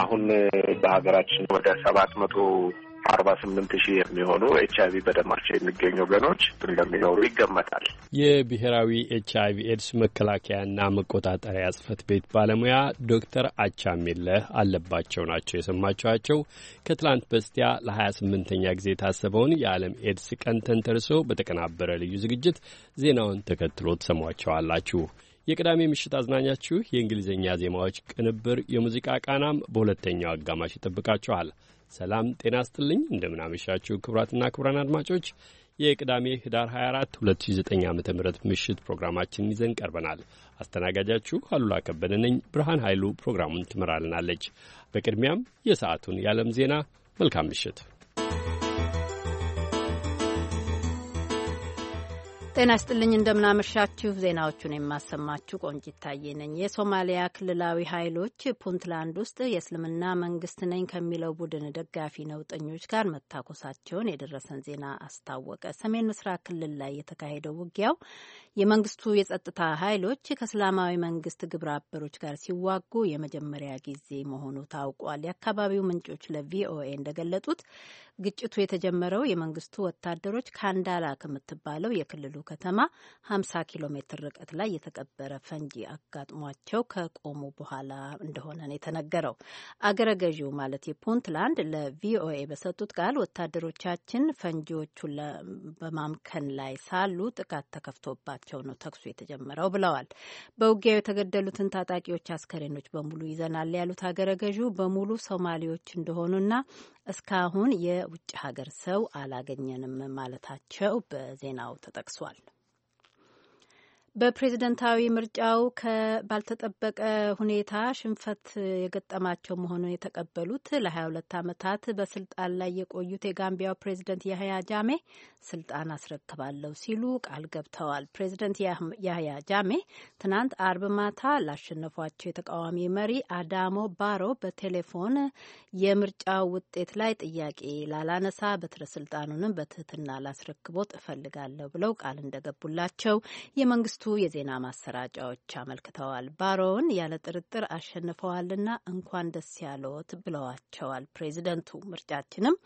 አሁን በሀገራችን ወደ ሰባት መቶ አርባ ስምንት ሺህ የሚሆኑ ኤች አይቪ በደማቸው የሚገኙ ወገኖች እንደሚኖሩ ይገመታል። የብሔራዊ ኤች አይቪ ኤድስ መከላከያና መቆጣጠሪያ ጽህፈት ቤት ባለሙያ ዶክተር አቻሜለህ አለባቸው ናቸው የሰማችኋቸው። ከትላንት በስቲያ ለሀያ ስምንተኛ ጊዜ የታሰበውን የዓለም ኤድስ ቀን ተንተርሶ በተቀናበረ ልዩ ዝግጅት ዜናውን ተከትሎ ትሰሟቸዋላችሁ። የቅዳሜ ምሽት አዝናኛችሁ የእንግሊዝኛ ዜማዎች ቅንብር የሙዚቃ ቃናም በሁለተኛው አጋማሽ ይጠብቃችኋል። ሰላም ጤና ስጥልኝ። እንደምናመሻችሁ ክቡራትና ክቡራን አድማጮች የቅዳሜ ህዳር 24 2009 ዓ ም ምሽት ፕሮግራማችንን ይዘን ቀርበናል። አስተናጋጃችሁ አሉላ ከበደ ነኝ። ብርሃን ኃይሉ ፕሮግራሙን ትመራልናለች። በቅድሚያም የሰዓቱን የዓለም ዜና። መልካም ምሽት። ጤና ይስጥልኝ እንደምናመሻችሁ። ዜናዎቹን የማሰማችሁ ቆንጂት ታዬ ነኝ። የሶማሊያ ክልላዊ ኃይሎች ፑንትላንድ ውስጥ የእስልምና መንግስት ነኝ ከሚለው ቡድን ደጋፊ ነውጠኞች ጋር መታኮሳቸውን የደረሰን ዜና አስታወቀ። ሰሜን ምስራቅ ክልል ላይ የተካሄደው ውጊያው የመንግስቱ የጸጥታ ኃይሎች ከእስላማዊ መንግስት ግብረ አበሮች ጋር ሲዋጉ የመጀመሪያ ጊዜ መሆኑ ታውቋል። የአካባቢው ምንጮች ለቪኦኤ እንደገለጡት ግጭቱ የተጀመረው የመንግስቱ ወታደሮች ካንዳላ ከምትባለው የክልሉ ከተማ 50 ኪሎ ሜትር ርቀት ላይ የተቀበረ ፈንጂ አጋጥሟቸው ከቆሙ በኋላ እንደሆነ ነው የተነገረው። አገረ ገዢው ማለት የፑንትላንድ ለቪኦኤ በሰጡት ቃል ወታደሮቻችን ፈንጂዎቹን በማምከን ላይ ሳሉ ጥቃት ተከፍቶባቸው ነው ተኩሱ የተጀመረው ብለዋል። በውጊያው የተገደሉትን ታጣቂዎች አስከሬኖች በሙሉ ይዘናል ያሉት አገረ ገዢው በሙሉ ሶማሌዎች እንደሆኑና እስካሁን የውጭ ሀገር ሰው አላገኘንም ማለታቸው በዜናው ተጠቅሷል። በፕሬዝደንታዊ ምርጫው ባልተጠበቀ ሁኔታ ሽንፈት የገጠማቸው መሆኑን የተቀበሉት ለ22 ዓመታት በስልጣን ላይ የቆዩት የጋምቢያው ፕሬዝደንት ያህያ ጃሜ ስልጣን አስረክባለሁ ሲሉ ቃል ገብተዋል። ፕሬዝደንት ያህያ ጃሜ ትናንት አርብ ማታ ላሸነፏቸው የተቃዋሚ መሪ አዳሞ ባሮ በቴሌፎን የምርጫው ውጤት ላይ ጥያቄ ላላነሳ በትረ ስልጣኑንም በትህትና ላስረክቦት እፈልጋለሁ ብለው ቃል እንደገቡላቸው የመንግስቱ የዜና ማሰራጫዎች አመልክተዋል። ባሮውን ያለ ጥርጥር አሸንፈዋልና እንኳን ደስ ያለዎት ብለዋቸዋል። ፕሬዚደንቱ ምርጫችንም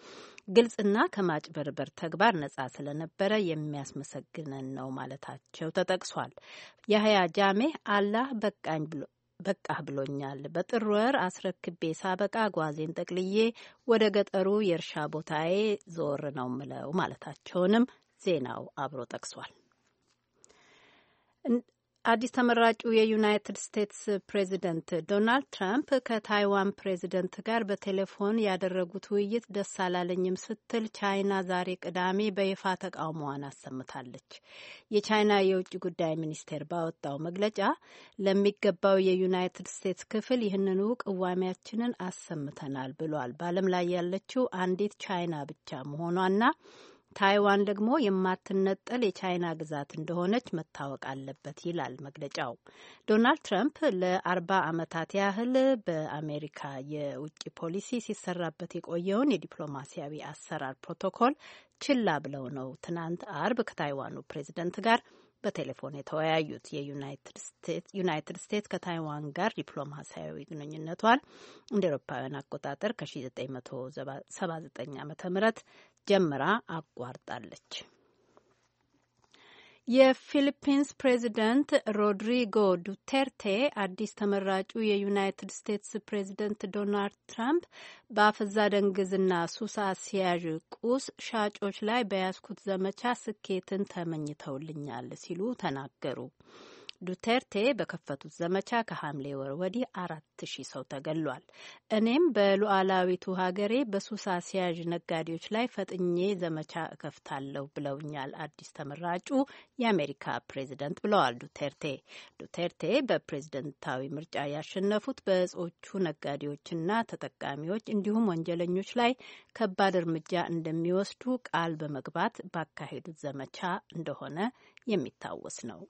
ግልጽና ከማጭበርበር ተግባር ነጻ ስለነበረ የሚያስመሰግነን ነው ማለታቸው ተጠቅሷል። ያህያ ጃሜ አላህ በቃኝ ብሎ በቃህ ብሎኛል። በጥር ወር አስረክቤ ሳበቃ ጓዜን ጠቅልዬ ወደ ገጠሩ የእርሻ ቦታዬ ዞር ነው ምለው ማለታቸውንም ዜናው አብሮ ጠቅሷል። አዲስ ተመራጩ የዩናይትድ ስቴትስ ፕሬዚደንት ዶናልድ ትራምፕ ከታይዋን ፕሬዚደንት ጋር በቴሌፎን ያደረጉት ውይይት ደስ አላለኝም ስትል ቻይና ዛሬ ቅዳሜ በይፋ ተቃውሞዋን አሰምታለች። የቻይና የውጭ ጉዳይ ሚኒስቴር ባወጣው መግለጫ ለሚገባው የዩናይትድ ስቴትስ ክፍል ይህንኑ ቅዋሚያችንን አሰምተናል ብሏል። በዓለም ላይ ያለችው አንዲት ቻይና ብቻ መሆኗና ታይዋን ደግሞ የማትነጠል የቻይና ግዛት እንደሆነች መታወቅ አለበት ይላል መግለጫው። ዶናልድ ትራምፕ ለአርባ ዓመታት ያህል በአሜሪካ የውጭ ፖሊሲ ሲሰራበት የቆየውን የዲፕሎማሲያዊ አሰራር ፕሮቶኮል ችላ ብለው ነው ትናንት አርብ ከታይዋኑ ፕሬዚደንት ጋር በቴሌፎን የተወያዩት የዩናይትድ ስቴትስ ከታይዋን ጋር ዲፕሎማሲያዊ ግንኙነቷን እንደ ኤሮፓውያን አቆጣጠር ከ1979 ዓ ም ጀምራ አቋርጣለች። የፊሊፒንስ ፕሬዚደንት ሮድሪጎ ዱቴርቴ አዲስ ተመራጩ የዩናይትድ ስቴትስ ፕሬዚደንት ዶናልድ ትራምፕ በአፈዛ ደንግዝና ሱስ አስያዥ ቁስ ሻጮች ላይ በያዝኩት ዘመቻ ስኬትን ተመኝተውልኛል ሲሉ ተናገሩ። ዱቴርቴ በከፈቱት ዘመቻ ከሐምሌ ወር ወዲህ አራት ሺህ ሰው ተገሏል። እኔም በሉዓላዊቱ ሀገሬ በሱስ አስያዥ ነጋዴዎች ላይ ፈጥኜ ዘመቻ እከፍታለሁ ብለውኛል አዲስ ተመራጩ የአሜሪካ ፕሬዚደንት ብለዋል ዱቴርቴ። ዱቴርቴ በፕሬዝደንታዊ ምርጫ ያሸነፉት በእጾቹ ነጋዴዎችና ተጠቃሚዎች እንዲሁም ወንጀለኞች ላይ ከባድ እርምጃ እንደሚወስዱ ቃል በመግባት ባካሄዱት ዘመቻ እንደሆነ የሚታወስ ነው።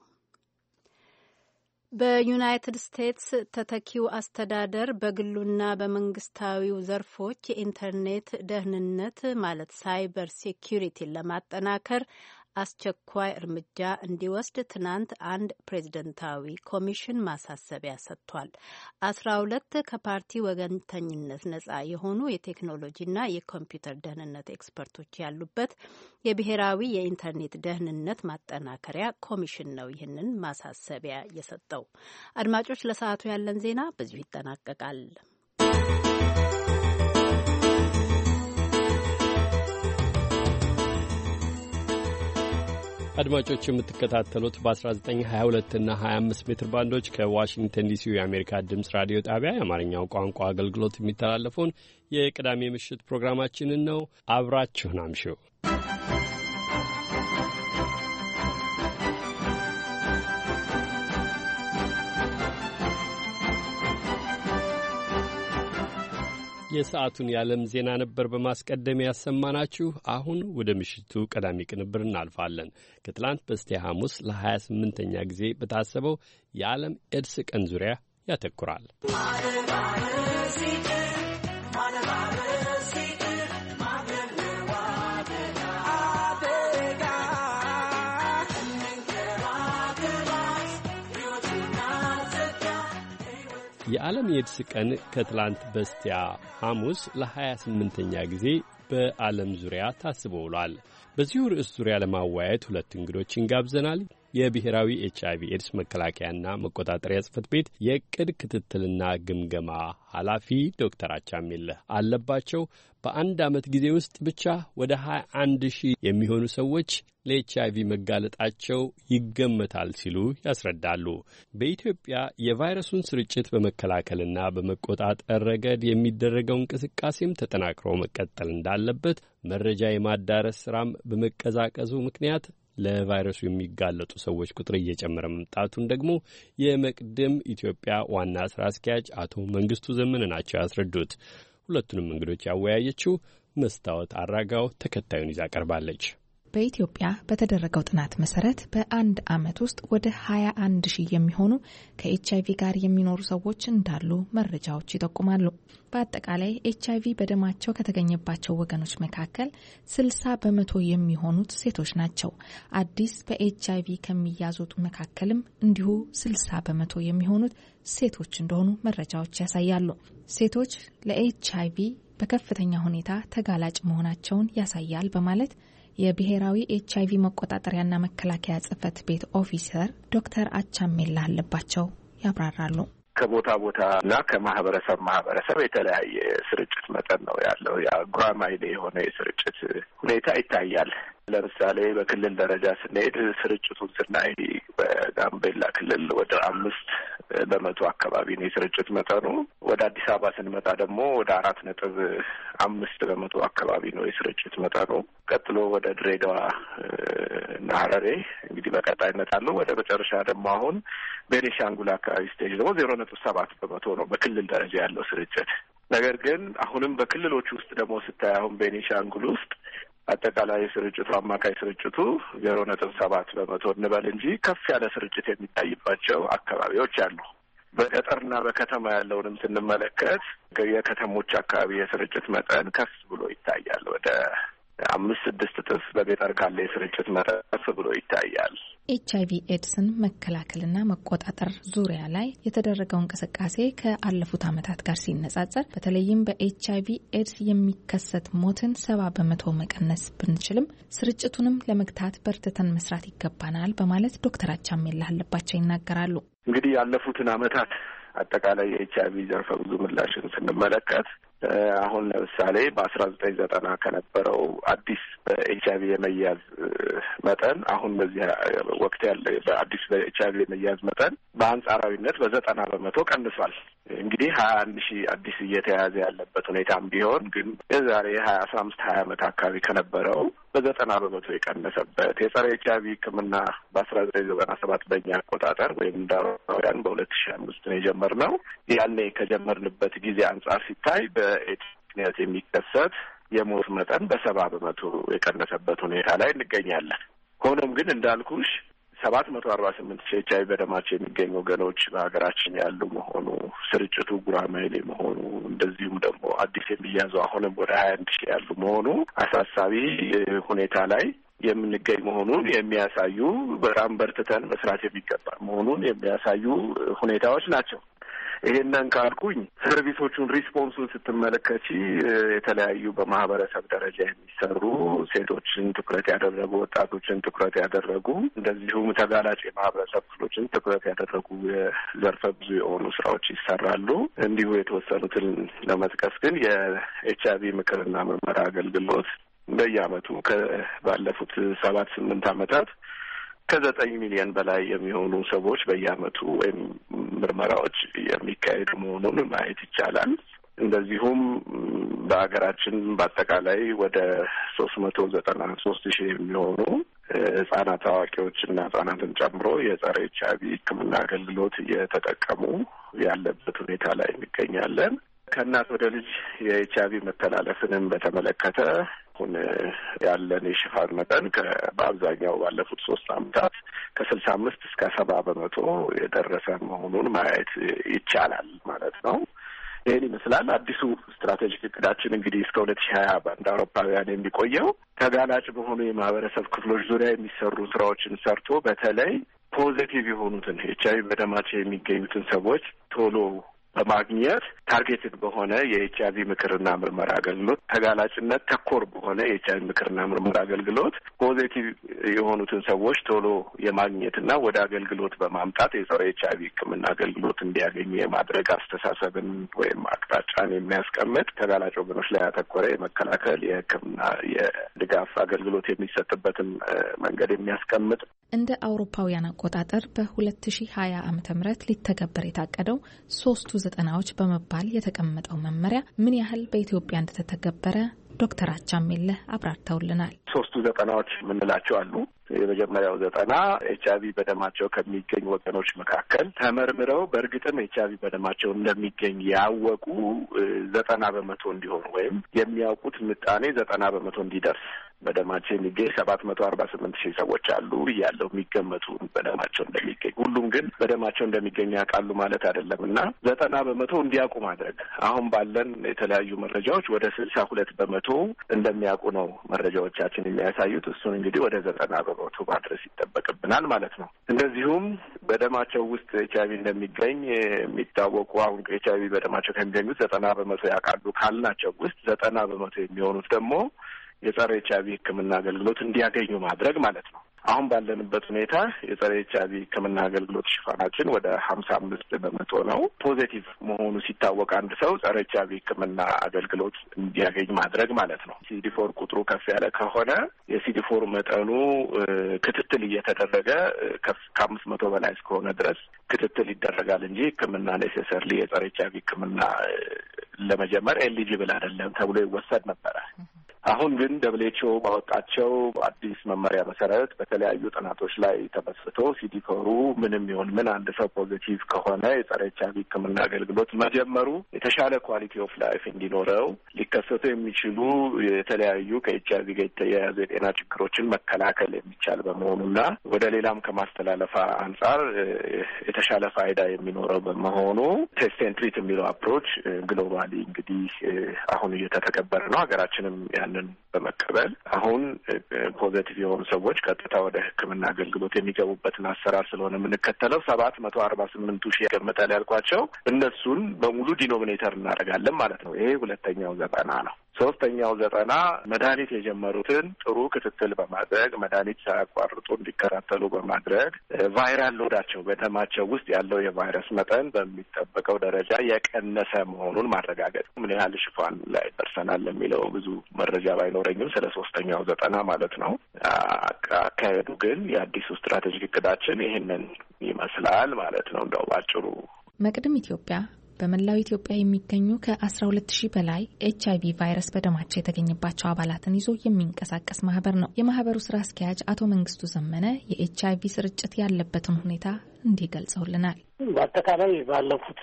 በዩናይትድ ስቴትስ ተተኪው አስተዳደር በግሉና በመንግስታዊው ዘርፎች የኢንተርኔት ደህንነት ማለት ሳይበር ሴኪሪቲን ለማጠናከር አስቸኳይ እርምጃ እንዲወስድ ትናንት አንድ ፕሬዝደንታዊ ኮሚሽን ማሳሰቢያ ሰጥቷል። አስራ ሁለት ከፓርቲ ወገንተኝነት ነጻ የሆኑ የቴክኖሎጂና የኮምፒውተር ደህንነት ኤክስፐርቶች ያሉበት የብሔራዊ የኢንተርኔት ደህንነት ማጠናከሪያ ኮሚሽን ነው ይህንን ማሳሰቢያ የሰጠው። አድማጮች፣ ለሰዓቱ ያለን ዜና በዚሁ ይጠናቀቃል። አድማጮች የምትከታተሉት በ1922 እና 25 ሜትር ባንዶች ከዋሽንግተን ዲሲ የአሜሪካ ድምፅ ራዲዮ ጣቢያ የአማርኛው ቋንቋ አገልግሎት የሚተላለፈውን የቅዳሜ ምሽት ፕሮግራማችንን ነው። አብራችሁን አምሽው። የሰዓቱን የዓለም ዜና ነበር በማስቀደም ያሰማናችሁ። አሁን ወደ ምሽቱ ቀዳሚ ቅንብር እናልፋለን። ከትላንት በስቲያ ሐሙስ ለ28ኛ ጊዜ በታሰበው የዓለም ኤድስ ቀን ዙሪያ ያተኩራል። የዓለም የድስ ቀን ከትላንት በስቲያ ሐሙስ ለ28ኛ ጊዜ በዓለም ዙሪያ ታስቦ ውሏል። በዚሁ ርዕስ ዙሪያ ለማወያየት ሁለት እንግዶችን ጋብዘናል። የብሔራዊ ኤች አይቪ ኤድስ መከላከያና መቆጣጠሪያ ጽህፈት ቤት የቅድ ክትትልና ግምገማ ኃላፊ ዶክተር አቻምየለህ አለባቸው በአንድ ዓመት ጊዜ ውስጥ ብቻ ወደ 21 ሺህ የሚሆኑ ሰዎች ለኤች አይቪ መጋለጣቸው ይገመታል ሲሉ ያስረዳሉ። በኢትዮጵያ የቫይረሱን ስርጭት በመከላከልና በመቆጣጠር ረገድ የሚደረገው እንቅስቃሴም ተጠናክሮ መቀጠል እንዳለበት መረጃ የማዳረስ ስራም በመቀዛቀዙ ምክንያት ለቫይረሱ የሚጋለጡ ሰዎች ቁጥር እየጨመረ መምጣቱን ደግሞ የመቅደም ኢትዮጵያ ዋና ስራ አስኪያጅ አቶ መንግስቱ ዘመን ናቸው ያስረዱት። ሁለቱንም እንግዶች ያወያየችው መስታወት አራጋው ተከታዩን ይዛ ቀርባለች። በኢትዮጵያ በተደረገው ጥናት መሰረት በአንድ ዓመት ውስጥ ወደ 21 ሺህ የሚሆኑ ከኤች አይቪ ጋር የሚኖሩ ሰዎች እንዳሉ መረጃዎች ይጠቁማሉ። በአጠቃላይ ኤች አይቪ በደማቸው ከተገኘባቸው ወገኖች መካከል 60 በመቶ የሚሆኑት ሴቶች ናቸው። አዲስ በኤች አይቪ ከሚያዙት መካከልም እንዲሁ 60 በመቶ የሚሆኑት ሴቶች እንደሆኑ መረጃዎች ያሳያሉ። ሴቶች ለኤች አይቪ በከፍተኛ ሁኔታ ተጋላጭ መሆናቸውን ያሳያል በማለት የብሔራዊ ኤች አይቪ መቆጣጠሪያና መከላከያ ጽህፈት ቤት ኦፊሰር ዶክተር አቻሜላ አለባቸው ያብራራሉ። ከቦታ ቦታ እና ከማህበረሰብ ማህበረሰብ የተለያየ ስርጭት መጠን ነው ያለው። ጉራማይሌ የሆነ የስርጭት ሁኔታ ይታያል። ለምሳሌ በክልል ደረጃ ስንሄድ ስርጭቱን ስናይ በጋምቤላ ክልል ወደ አምስት በመቶ አካባቢ ነው የስርጭት መጠኑ። ወደ አዲስ አበባ ስንመጣ ደግሞ ወደ አራት ነጥብ አምስት በመቶ አካባቢ ነው የስርጭት መጠኑ። ቀጥሎ ወደ ድሬዳዋ እና ሀረሬ እንግዲህ በቀጣይነት አለው። ወደ መጨረሻ ደግሞ አሁን ቤኔሻንጉል አካባቢ ስቴጅ ደግሞ ዜሮ ነጥብ ሰባት በመቶ ነው በክልል ደረጃ ያለው ስርጭት። ነገር ግን አሁንም በክልሎች ውስጥ ደግሞ ስታይ አሁን ቤኒሻንጉል ውስጥ አጠቃላይ ስርጭቱ አማካይ ስርጭቱ ዜሮ ነጥብ ሰባት በመቶ እንበል እንጂ ከፍ ያለ ስርጭት የሚታይባቸው አካባቢዎች አሉ። በገጠርና በከተማ ያለውንም ስንመለከት የከተሞች አካባቢ የስርጭት መጠን ከፍ ብሎ ይታያል። ወደ አምስት ስድስት እጥፍ በገጠር ካለ የስርጭት መጠን ከፍ ብሎ ይታያል። ኤች አይቪ ኤድስን መከላከልና መቆጣጠር ዙሪያ ላይ የተደረገው እንቅስቃሴ ከአለፉት ዓመታት ጋር ሲነጻጸር በተለይም በኤች አይቪ ኤድስ የሚከሰት ሞትን ሰባ በመቶ መቀነስ ብንችልም ስርጭቱንም ለመግታት በርትተን መስራት ይገባናል በማለት ዶክተር አቻሜላ አለባቸው ይናገራሉ። እንግዲህ ያለፉትን ዓመታት አጠቃላይ የኤች አይቪ ዘርፈ ብዙ ምላሽን ስንመለከት አሁን ለምሳሌ በአስራ ዘጠኝ ዘጠና ከነበረው አዲስ በኤች አይቪ የመያዝ መጠን አሁን በዚህ ወቅት ያለ በአዲስ በኤች አይቪ የመያዝ መጠን በአንጻራዊነት በዘጠና በመቶ ቀንሷል። እንግዲህ ሀያ አንድ ሺህ አዲስ እየተያዘ ያለበት ሁኔታም ቢሆን ግን የዛሬ ሀያ አስራ አምስት ሀያ ዓመት አካባቢ ከነበረው በዘጠና በመቶ የቀነሰበት የጸረ ኤች አይቪ ህክምና በአስራ ዘጠኝ ዘጠና ሰባት በእኛ አቆጣጠር ወይም እንደ አውሮፓውያን በሁለት ሺ አምስት ነው የጀመርነው። ያኔ ከጀመርንበት ጊዜ አንጻር ሲታይ በኤድስ ምክንያት የሚከሰት የሞት መጠን በሰባ በመቶ የቀነሰበት ሁኔታ ላይ እንገኛለን። ሆኖም ግን እንዳልኩሽ ሰባት መቶ አርባ ስምንት ሺህ ኤች አይ በደማቸው የሚገኙ ወገኖች በሀገራችን ያሉ መሆኑ ስርጭቱ ጉራማይሌ መሆኑ እንደዚሁም ደግሞ አዲስ የሚያዙ አሁንም ወደ ሀያ አንድ ሺህ ያሉ መሆኑ አሳሳቢ ሁኔታ ላይ የምንገኝ መሆኑን የሚያሳዩ በጣም በርትተን መስራት የሚገባ መሆኑን የሚያሳዩ ሁኔታዎች ናቸው። ይሄንን ካልኩኝ ሰርቪሶቹን ሪስፖንሱን ስትመለከቺ የተለያዩ በማህበረሰብ ደረጃ የሚሰሩ ሴቶችን ትኩረት ያደረጉ፣ ወጣቶችን ትኩረት ያደረጉ፣ እንደዚሁም ተጋላጭ የማህበረሰብ ክፍሎችን ትኩረት ያደረጉ የዘርፈ ብዙ የሆኑ ስራዎች ይሰራሉ። እንዲሁ የተወሰኑትን ለመጥቀስ ግን የኤች አይቪ ምክርና ምርመራ አገልግሎት በየአመቱ ከባለፉት ሰባት ስምንት አመታት ከዘጠኝ ሚሊዮን በላይ የሚሆኑ ሰዎች በየአመቱ ወይም ምርመራዎች የሚካሄዱ መሆኑን ማየት ይቻላል። እንደዚሁም በሀገራችን በአጠቃላይ ወደ ሶስት መቶ ዘጠና ሶስት ሺህ የሚሆኑ ህጻናት፣ አዋቂዎችና ህጻናትን ጨምሮ የጸረ ኤች አይቪ ህክምና አገልግሎት እየተጠቀሙ ያለበት ሁኔታ ላይ እንገኛለን። ከእናት ወደ ልጅ የኤች አይቪ መተላለፍንም በተመለከተ አሁን ያለን የሽፋን መጠን በአብዛኛው ባለፉት ሶስት አመታት ከስልሳ አምስት እስከ ሰባ በመቶ የደረሰ መሆኑን ማየት ይቻላል ማለት ነው። ይህን ይመስላል አዲሱ ስትራቴጂክ እቅዳችን እንግዲህ እስከ ሁለት ሺህ ሀያ እንደ አውሮፓውያን የሚቆየው ተጋላጭ በሆኑ የማህበረሰብ ክፍሎች ዙሪያ የሚሰሩ ስራዎችን ሰርቶ በተለይ ፖዚቲቭ የሆኑትን ኤች አይቪ በደማቸው የሚገኙትን ሰዎች ቶሎ በማግኘት ታርጌትድ በሆነ የኤች አይቪ ምክርና ምርመራ አገልግሎት ተጋላጭነት ተኮር በሆነ የኤች አይቪ ምክርና ምርመራ አገልግሎት ፖዚቲቭ የሆኑትን ሰዎች ቶሎ የማግኘትና ወደ አገልግሎት በማምጣት የጸረ ኤች አይቪ ሕክምና አገልግሎት እንዲያገኙ የማድረግ አስተሳሰብን ወይም አቅጣጫን የሚያስቀምጥ ተጋላጭ ወገኖች ላይ ያተኮረ የመከላከል የሕክምና የድጋፍ አገልግሎት የሚሰጥበትን መንገድ የሚያስቀምጥ እንደ አውሮፓውያን አቆጣጠር በሁለት ሺህ ሀያ ዓመተ ምህረት ሊተገበር የታቀደው ሶስቱ ዘጠናዎች በመባል የተቀመጠው መመሪያ ምን ያህል በኢትዮጵያ እንደተተገበረ ዶክተር አቻሜለህ አብራርተውልናል። ሶስቱ ዘጠናዎች የምንላቸው አሉ። የመጀመሪያው ዘጠና ኤች አይቪ በደማቸው ከሚገኝ ወገኖች መካከል ተመርምረው በእርግጥም ኤች አይቪ በደማቸው እንደሚገኝ ያወቁ ዘጠና በመቶ እንዲሆኑ ወይም የሚያውቁት ምጣኔ ዘጠና በመቶ እንዲደርስ በደማቸው የሚገኝ ሰባት መቶ አርባ ስምንት ሺህ ሰዎች አሉ እያለው የሚገመቱ በደማቸው እንደሚገኝ ሁሉም ግን በደማቸው እንደሚገኝ ያውቃሉ ማለት አይደለም እና ዘጠና በመቶ እንዲያውቁ ማድረግ አሁን ባለን የተለያዩ መረጃዎች ወደ ስልሳ ሁለት በመቶ እንደሚያውቁ ነው መረጃዎቻችን የሚያሳዩት እሱን እንግዲህ ወደ ዘጠና በመቶ አቅርቦቱ ማድረስ ይጠበቅብናል ማለት ነው። እንደዚሁም በደማቸው ውስጥ ኤች አይቪ እንደሚገኝ የሚታወቁ አሁን ኤች አይቪ በደማቸው ከሚገኙት ዘጠና በመቶ ያውቃሉ ካልናቸው ውስጥ ዘጠና በመቶ የሚሆኑት ደግሞ የጸረ ኤች አይቪ ሕክምና አገልግሎት እንዲያገኙ ማድረግ ማለት ነው። አሁን ባለንበት ሁኔታ የጸረ ኤች አይቪ አገልግሎት ሽፋናችን ወደ ሀምሳ አምስት በመቶ ነው። ፖዚቲቭ መሆኑ ሲታወቅ አንድ ሰው ጸረ ኤች አይቪ አገልግሎት እንዲያገኝ ማድረግ ማለት ነው። ሲዲፎር ቁጥሩ ከፍ ያለ ከሆነ የሲዲፎር መጠኑ ክትትል እየተደረገ ከአምስት መቶ በላይ እስከሆነ ድረስ ክትትል ይደረጋል እንጂ ሕክምና ኔሴሰርሊ የጸረ ኤች አይቪ ሕክምና ለመጀመር ኤሊጂብል አይደለም ተብሎ ይወሰድ ነበረ። አሁን ግን ደብሌችኦ ባወጣቸው አዲስ መመሪያ መሰረት በተለያዩ ጥናቶች ላይ ተመስርቶ ሲዲፎሩ ምንም ይሁን ምን አንድ ሰው ፖዚቲቭ ከሆነ የጸረ ኤች ህክምና ሕክምና አገልግሎት መጀመሩ የተሻለ ኳሊቲ ኦፍ ላይፍ እንዲኖረው ሊከሰቱ የሚችሉ የተለያዩ ከኤች አይቪ ጋር የተያያዙ የጤና ችግሮችን መከላከል የሚቻል በመሆኑና ወደ ሌላም ከማስተላለፋ አንጻር የተሻለ ፋይዳ የሚኖረው በመሆኑ ቴስት ኤንድ ትሪት የሚለው አፕሮች ግሎባሊ እንግዲህ አሁን እየተተገበረ ነው። ሀገራችንም ያንን በመቀበል አሁን ፖዘቲቭ የሆኑ ሰዎች ቀጥታ ወደ ሕክምና አገልግሎት የሚገቡበትን አሰራር ስለሆነ የምንከተለው ሰባት መቶ አርባ ስምንቱ ሺህ ገመጠል ያልኳቸው እነሱን በሙሉ ዲኖሚኔተር እናደርጋለን ማለት ነው። ይሄ ሁለተኛው ዘጠና ነው። ሶስተኛው ዘጠና መድኃኒት የጀመሩትን ጥሩ ክትትል በማድረግ መድኃኒት ሳያቋርጡ እንዲከታተሉ በማድረግ ቫይራል ሎዳቸው በደማቸው ውስጥ ያለው የቫይረስ መጠን በሚጠበቀው ደረጃ የቀነሰ መሆኑን ማረጋገጥ። ምን ያህል ሽፋን ላይ ደርሰናል የሚለው ብዙ መረጃ ባይኖረኝም ስለ ሶስተኛው ዘጠና ማለት ነው። አካሄዱ ግን የአዲሱ ስትራቴጂክ እቅዳችን ይህንን ይመስላል ማለት ነው። እንደው ባጭሩ መቅድም ኢትዮጵያ በመላው ኢትዮጵያ የሚገኙ ከ12 ሺህ በላይ ኤች አይቪ ቫይረስ በደማቸው የተገኘባቸው አባላትን ይዞ የሚንቀሳቀስ ማህበር ነው። የማህበሩ ስራ አስኪያጅ አቶ መንግስቱ ዘመነ የኤች አይቪ ስርጭት ያለበትን ሁኔታ እንዲህ ገልጸውልናል። በአጠቃላይ ባለፉት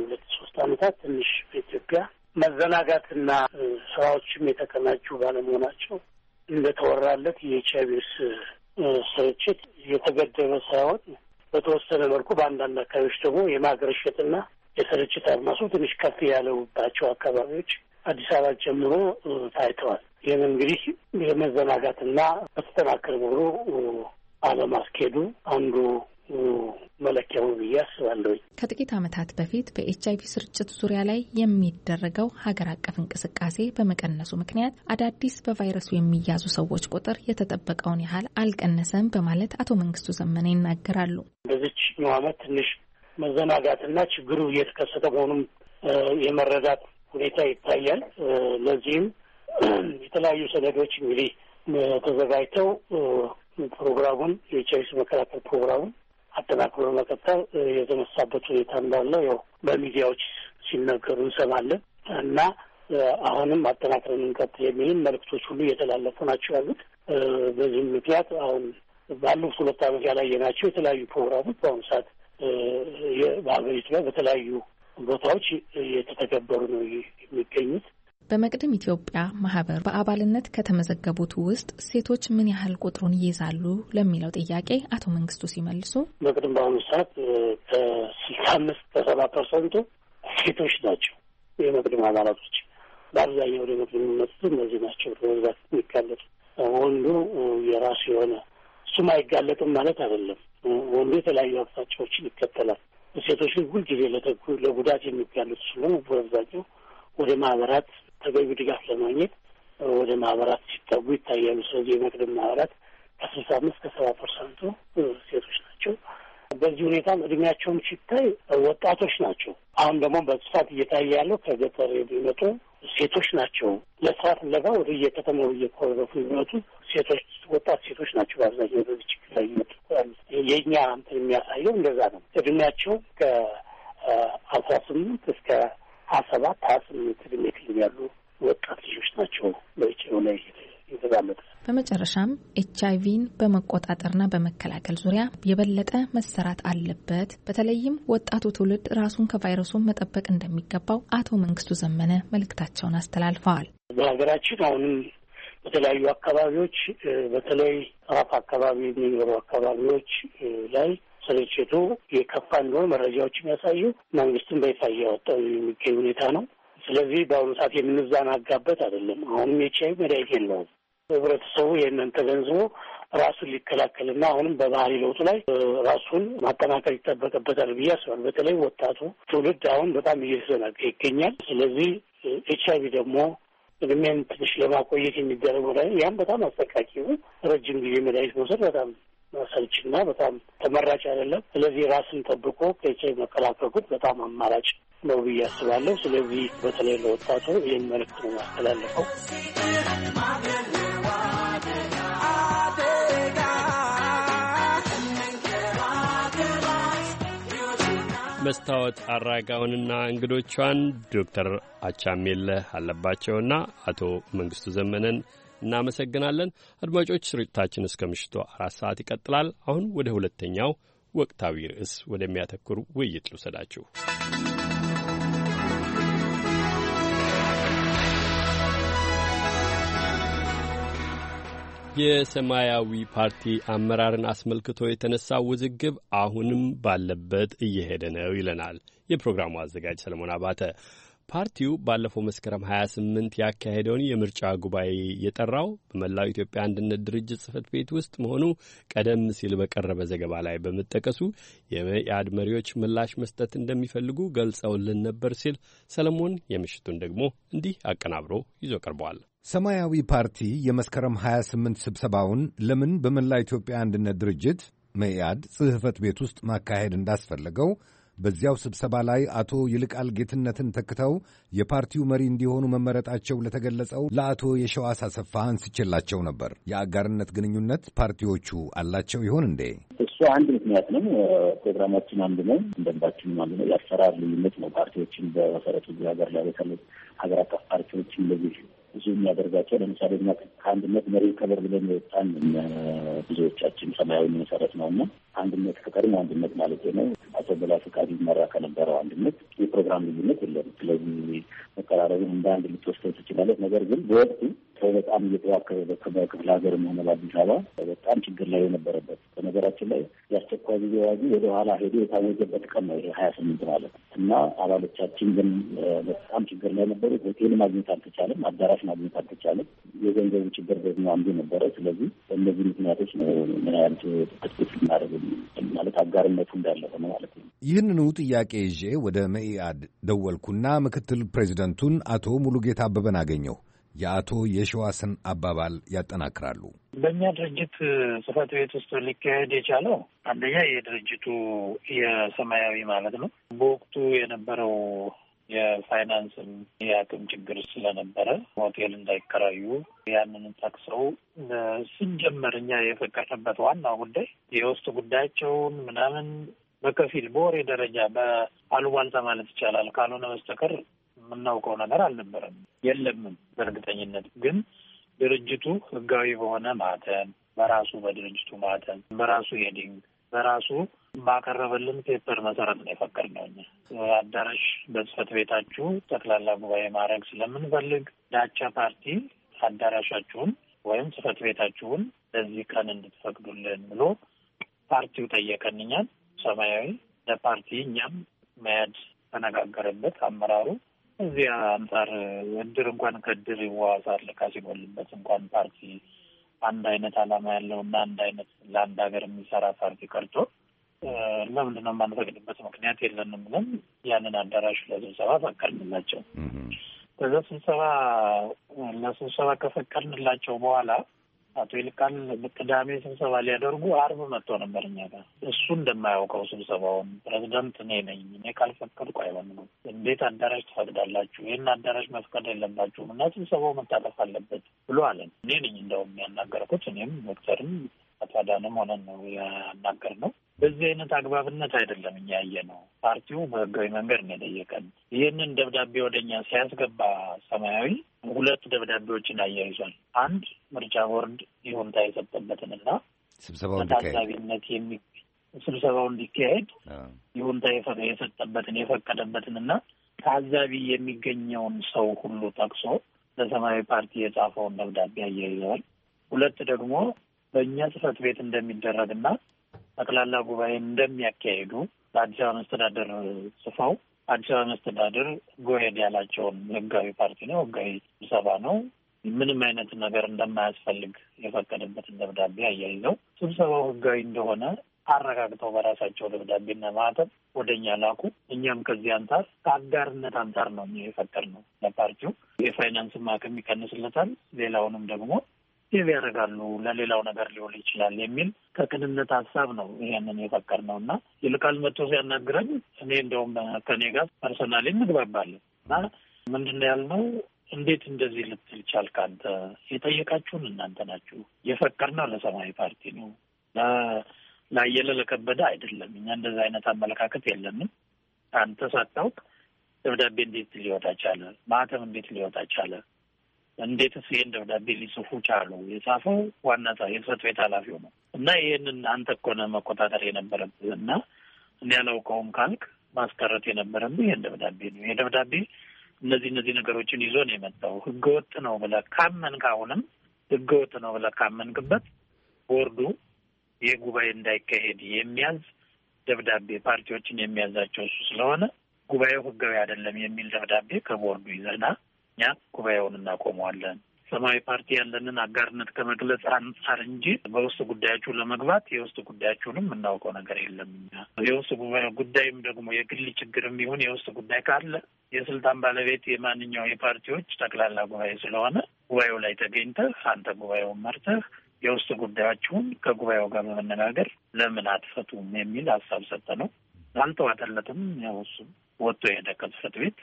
ሁለት ሶስት አመታት ትንሽ በኢትዮጵያ መዘናጋትና ስራዎችም የተቀናጁ ባለመሆናቸው እንደተወራለት የኤች አይቪ ስርጭት የተገደመ ሳይሆን በተወሰነ መልኩ በአንዳንድ አካባቢዎች ደግሞ የማገረሸትና የስርጭት አድማሱ ትንሽ ከፍ ያለባቸው አካባቢዎች አዲስ አበባ ጀምሮ ታይተዋል። ይህም እንግዲህ የመዘናጋትና በተጠናከር ኖሮ አለማስኬዱ አንዱ መለኪያው ብዬ አስባለሁኝ። ከጥቂት ዓመታት በፊት በኤች አይቪ ስርጭት ዙሪያ ላይ የሚደረገው ሀገር አቀፍ እንቅስቃሴ በመቀነሱ ምክንያት አዳዲስ በቫይረሱ የሚያዙ ሰዎች ቁጥር የተጠበቀውን ያህል አልቀነሰም በማለት አቶ መንግስቱ ዘመነ ይናገራሉ። በዚችኛው ዓመት ትንሽ መዘናጋትና ችግሩ እየተከሰተ መሆኑም የመረዳት ሁኔታ ይታያል። ለዚህም የተለያዩ ሰነዶች እንግዲህ ተዘጋጅተው ፕሮግራሙን የኤች መከላከል ፕሮግራሙን አጠናክሮ መቀጠል የተነሳበት ሁኔታ እንዳለ ያው በሚዲያዎች ሲነገሩ እንሰማለን እና አሁንም አጠናክረን እንቀጥል የሚልም መልእክቶች ሁሉ እየተላለፉ ናቸው ያሉት። በዚህም ምክንያት አሁን ባለፉት ሁለት ዓመት ያላየናቸው የተለያዩ ፕሮግራሞች በአሁኑ ሰዓት በሀገሪቱ ላይ በተለያዩ ቦታዎች እየተተገበሩ ነው የሚገኙት። በመቅደም ኢትዮጵያ ማህበር በአባልነት ከተመዘገቡት ውስጥ ሴቶች ምን ያህል ቁጥሩን ይይዛሉ ለሚለው ጥያቄ አቶ መንግስቱ ሲመልሱ መቅድም በአሁኑ ሰዓት ከስልሳ አምስት ከሰባ ፐርሰንቱ ሴቶች ናቸው። የመቅድም አባላቶች በአብዛኛው ወደ መቅደም የሚመጡት እነዚህ ናቸው። በብዛት የሚጋለጡ ወንዱ የራሱ የሆነ እሱም አይጋለጥም ማለት አይደለም። ወንዱ የተለያዩ አቅጣጫዎችን ይከተላል። ሴቶች ግን ሁልጊዜ ለጉዳት የሚጋለጡ ስለሆነ በአብዛኛው ወደ ማህበራት ተገቢ ድጋፍ ለማግኘት ወደ ማህበራት ሲጠጉ ይታያሉ። ስለዚህ የመቅደም ማህበራት ከስልሳ አምስት ከሰባ ፐርሰንቱ ሴቶች ናቸው። በዚህ ሁኔታም እድሜያቸውም ሲታይ ወጣቶች ናቸው። አሁን ደግሞ በስፋት እየታየ ያለው ከገጠር የሚመጡ ሴቶች ናቸው። ለሰዓት ለባው እየከተማው እየኮረፉ የሚመጡ ሴቶች ወጣት ሴቶች ናቸው። በአብዛኛው በዚህ ችግር ላይ ይመጡ የእኛ እንትን የሚያሳየው እንደዛ ነው። እድሜያቸው ከአስራ ስምንት እስከ ሀያ ሰባት ሀያ ስምንት እድሜ ክልል ያሉ ወጣት ልጆች ናቸው በውጭ የሆነ የተጋለጠ። በመጨረሻም ኤች አይቪን በመቆጣጠርና በመከላከል ዙሪያ የበለጠ መሰራት አለበት፣ በተለይም ወጣቱ ትውልድ ራሱን ከቫይረሱ መጠበቅ እንደሚገባው አቶ መንግስቱ ዘመነ መልእክታቸውን አስተላልፈዋል። በሀገራችን አሁንም በተለያዩ አካባቢዎች በተለይ ራፍ አካባቢ የሚኖሩ አካባቢዎች ላይ ስርጭቱ የከፋ እንደሆነ መረጃዎች የሚያሳዩ መንግስትን በይፋ እያወጣው የሚገኝ ሁኔታ ነው። ስለዚህ በአሁኑ ሰዓት የምንዛናጋበት አይደለም። አሁንም የቻይ መድኃኒት የለውም። ህብረተሰቡ ይህንን ተገንዝቦ ራሱን ሊከላከልና አሁንም በባህሪ ለውጡ ላይ ራሱን ማጠናከር ይጠበቅበታል ብዬ አስባለሁ። በተለይ ወጣቱ ትውልድ አሁን በጣም እየተዘናገ ይገኛል። ስለዚህ ኤች አይቪ ደግሞ እድሜን ትንሽ ለማቆየት የሚደረገው ላይ ያም በጣም አስጠቃቂ ረጅም ጊዜ መድኃኒት መውሰድ በጣም ሰልችና በጣም ተመራጭ አይደለም። ስለዚህ ራስን ጠብቆ ከኤች አይቪ መከላከል በጣም አማራጭ ነው ብዬ አስባለሁ። ስለዚህ በተለይ ለወጣቱ ይህን መልዕክት ነው ማስተላለፈው። መስታወት አራጋውንና እንግዶቿን ዶክተር አቻሜለህ አለባቸውና አቶ መንግስቱ ዘመነን እናመሰግናለን። አድማጮች ስርጭታችን እስከ ምሽቱ አራት ሰዓት ይቀጥላል። አሁን ወደ ሁለተኛው ወቅታዊ ርዕስ ወደሚያተኩር ውይይት ልውሰዳችሁ። የሰማያዊ ፓርቲ አመራርን አስመልክቶ የተነሳው ውዝግብ አሁንም ባለበት እየሄደ ነው ይለናል የፕሮግራሙ አዘጋጅ ሰለሞን አባተ። ፓርቲው ባለፈው መስከረም 28 ያካሄደውን የምርጫ ጉባኤ የጠራው በመላው ኢትዮጵያ አንድነት ድርጅት ጽህፈት ቤት ውስጥ መሆኑ ቀደም ሲል በቀረበ ዘገባ ላይ በመጠቀሱ የመኢአድ መሪዎች ምላሽ መስጠት እንደሚፈልጉ ገልጸውልን ነበር ሲል ሰለሞን የምሽቱን ደግሞ እንዲህ አቀናብሮ ይዞ ቀርበዋል። ሰማያዊ ፓርቲ የመስከረም 28 ስብሰባውን ለምን በመላ ኢትዮጵያ አንድነት ድርጅት መኢአድ ጽሕፈት ቤት ውስጥ ማካሄድ እንዳስፈለገው በዚያው ስብሰባ ላይ አቶ ይልቃል ጌትነትን ተክተው የፓርቲው መሪ እንዲሆኑ መመረጣቸው ለተገለጸው ለአቶ የሸዋስ አሰፋ አንስቼላቸው ነበር። የአጋርነት ግንኙነት ፓርቲዎቹ አላቸው ይሆን እንዴ? እሱ አንድ ምክንያት ነው። ፕሮግራማችን አንድ ነው፣ እንደንባችን አንድ ነው። የአሰራር ልዩነት ነው ፓርቲዎችን በመሰረቱ እዚህ ሀገር ላይ ሀገር አቀፍ ፓርቲዎችን ብዙ የሚያደርጋቸው ለምሳሌ ከአንድነት መሪ ከበር ብለን የወጣን ብዙዎቻችን ሰማያዊ መሰረት ነው እና አንድነት ፍቅር ነው። አንድነት ማለት ነው። አቶ በላ ፈቃድ ይመራ ከነበረው አንድነት የፕሮግራም ልዩነት የለም። ስለዚህ መቀራረብም እንደ አንድ ልትወስደው ትችላለች። ነገር ግን በወቅቱ ሰው በጣም እየተዋከበ በክፍለ ሀገር ሆነ በአዲስ አበባ በጣም ችግር ላይ የነበረበት በነገራችን ላይ የአስቸኳይ ጊዜ አዋጁ ወደ ኋላ ሄዶ የታወጀበት ቀን ነው ይሄ ሀያ ስምንት ማለት እና አባሎቻችን ግን በጣም ችግር ላይ ነበሩ። ሆቴል ማግኘት አልተቻለም። አዳራሽ ማግኘት አልተቻለም። የገንዘቡ ችግር ደግሞ አንዱ ነበረ። ስለዚህ በእነዚህ ምክንያቶች ነው ምን ያህል ትክክል ልናደርግ ማለት አጋርነቱ እንዳለ ሆነ ማለት ነው። ይህንኑ ጥያቄ ይዤ ወደ መኢአድ ደወልኩና ምክትል ፕሬዚደንቱን አቶ ሙሉጌታ አበበን አገኘሁ። የአቶ የሸዋስን አባባል ያጠናክራሉ። በእኛ ድርጅት ጽህፈት ቤት ውስጥ ሊካሄድ የቻለው አንደኛ የድርጅቱ የሰማያዊ ማለት ነው በወቅቱ የነበረው የፋይናንስም የአቅም ችግር ስለነበረ ሆቴል እንዳይከራዩ ያንን ጠቅሰው ስንጀመር እኛ የፈቀድንበት ዋናው ጉዳይ የውስጥ ጉዳያቸውን ምናምን በከፊል በወሬ ደረጃ በአሉባልታ ማለት ይቻላል ካልሆነ በስተቀር የምናውቀው ነገር አልነበረም፣ የለምም። በእርግጠኝነት ግን ድርጅቱ ህጋዊ በሆነ ማተም በራሱ በድርጅቱ ማተም በራሱ ሄዲንግ በራሱ ባቀረበልን ፔፐር መሰረት ነው የፈቀድነው። አዳራሽ በጽህፈት ቤታችሁ ጠቅላላ ጉባኤ ማድረግ ስለምንፈልግ ዳቻ ፓርቲ አዳራሻችሁን ወይም ጽህፈት ቤታችሁን ለዚህ ቀን እንድትፈቅዱልን ብሎ ፓርቲው ጠየቀንኛል። ሰማያዊ ለፓርቲ እኛም መያድ ተነጋገረበት አመራሩ እዚህ አንጻር እድር እንኳን ከእድር ይዋዋሳል ካሲጎልበት እንኳን ፓርቲ አንድ አይነት አላማ ያለው እና አንድ አይነት ለአንድ ሀገር የሚሰራ ፓርቲ ቀርቶ ለምንድን ነው የማንፈቅድበት ምክንያት የለንም ብለን ያንን አዳራሽ ለስብሰባ ፈቀድንላቸው። በዛ ስብሰባ ለስብሰባ ከፈቀድንላቸው በኋላ አቶ ይልቃል ቅዳሜ ስብሰባ ሊያደርጉ አርብ መጥቶ ነበር እኛ ጋር። እሱ እንደማያውቀው ስብሰባውን ፕሬዚደንት እኔ ነኝ፣ እኔ ካልፈቀድኩ አይሆንም፣ እንዴት አዳራሽ ትፈቅዳላችሁ? ይህን አዳራሽ መፍቀድ የለባችሁም እና ስብሰባው መታጠፍ አለበት ብሎ አለን። እኔ ነኝ እንደውም ያናገርኩት፣ እኔም ዶክተርም አቶ አዳንም ሆነን ነው ያናገር ነው። በዚህ አይነት አግባብነት አይደለም እኛ ያየ ነው። ፓርቲው በህጋዊ መንገድ ነው የጠየቀን። ይህንን ደብዳቤ ወደ እኛ ሲያስገባ ሰማያዊ ሁለት ደብዳቤዎችን አያይዟል። አንድ ምርጫ ቦርድ ይሁንታ የሰጠበትን በታዛቢነት የሚ ስብሰባው እንዲካሄድ ይሁንታ የሰጠበትን የፈቀደበትን ታዛቢ የሚገኘውን ሰው ሁሉ ጠቅሶ ለሰማያዊ ፓርቲ የጻፈውን ደብዳቤ አያይዘዋል። ሁለት ደግሞ በእኛ ጽፈት ቤት እንደሚደረግና ጠቅላላ ጉባኤ እንደሚያካሄዱ ለአዲስ አበባ መስተዳደር ጽፈው አዲስ አበባ መስተዳደር ጎሄድ ያላቸውን ህጋዊ ፓርቲ ነው፣ ህጋዊ ስብሰባ ነው፣ ምንም አይነት ነገር እንደማያስፈልግ የፈቀደበትን ደብዳቤ አያይዘው ስብሰባው ህጋዊ እንደሆነ አረጋግጠው በራሳቸው ደብዳቤና ማህተም ወደ እኛ ላኩ። እኛም ከዚህ አንጻር ከአጋርነት አንጻር ነው የፈጠር ነው ለፓርቲው የፋይናንስ ማቅም ይቀንስለታል። ሌላውንም ደግሞ ሴቭ ያደርጋሉ፣ ለሌላው ነገር ሊውል ይችላል የሚል ከቅንነት ሀሳብ ነው ይሄንን ነው እና ይልቃል መቶ ሲያናግረኝ እኔ እንደውም ከኔ ጋር ፐርሰናሊ እንግባባለን እና ምንድን ነው ያልነው እንዴት እንደዚህ ልትል ቻልክ? አንተ የጠየቃችሁን እናንተ ናችሁ። ነው ለሰማያዊ ፓርቲ ነው፣ ለአየለ ለከበደ አይደለም። እኛ እንደዚህ አይነት አመለካከት የለንም። አንተ ሳታውቅ ደብዳቤ እንዴት ሊወጣ ቻለ? ማተም እንዴት ሊወጣ ቻለ? እንዴትስ ይህን ደብዳቤ ሊጽፉ ቻሉ? የጻፈው ዋና የጽህፈት ቤት ኃላፊው ነው እና ይህንን አንተ እኮ ነህ መቆጣጠር የነበረብህ እና እኔ ያላውቀውም ካልክ ማስቀረት የነበረብህ ይህን ደብዳቤ ነው። ይህ ደብዳቤ እነዚህ እነዚህ ነገሮችን ይዞ ነው የመጣው። ህገ ወጥ ነው ብለህ ካመንክ፣ አሁንም ወጥ ነው ብለህ ካመንክበት ቦርዱ ይህ ጉባኤ እንዳይካሄድ የሚያዝ ደብዳቤ ፓርቲዎችን የሚያዛቸው እሱ ስለሆነ ጉባኤው ህጋዊ አይደለም የሚል ደብዳቤ ከቦርዱ ይዘና እኛ ጉባኤውን እናቆመዋለን። ሰማያዊ ፓርቲ ያለንን አጋርነት ከመግለጽ አንጻር እንጂ በውስጥ ጉዳያችሁ ለመግባት የውስጥ ጉዳያችሁንም የምናውቀው ነገር የለም። እኛ የውስጥ ጉዳይም ደግሞ የግል ችግርም ይሁን የውስጥ ጉዳይ ካለ የስልጣን ባለቤት የማንኛው የፓርቲዎች ጠቅላላ ጉባኤ ስለሆነ ጉባኤው ላይ ተገኝተህ አንተ ጉባኤውን መርተህ የውስጥ ጉዳያችሁን ከጉባኤው ጋር በመነጋገር ለምን አትፈቱም የሚል ሀሳብ ሰጠ ነው። አልተዋጠለትም። ያው እሱም ወጥቶ የሄደ ከጽሕፈት ቤት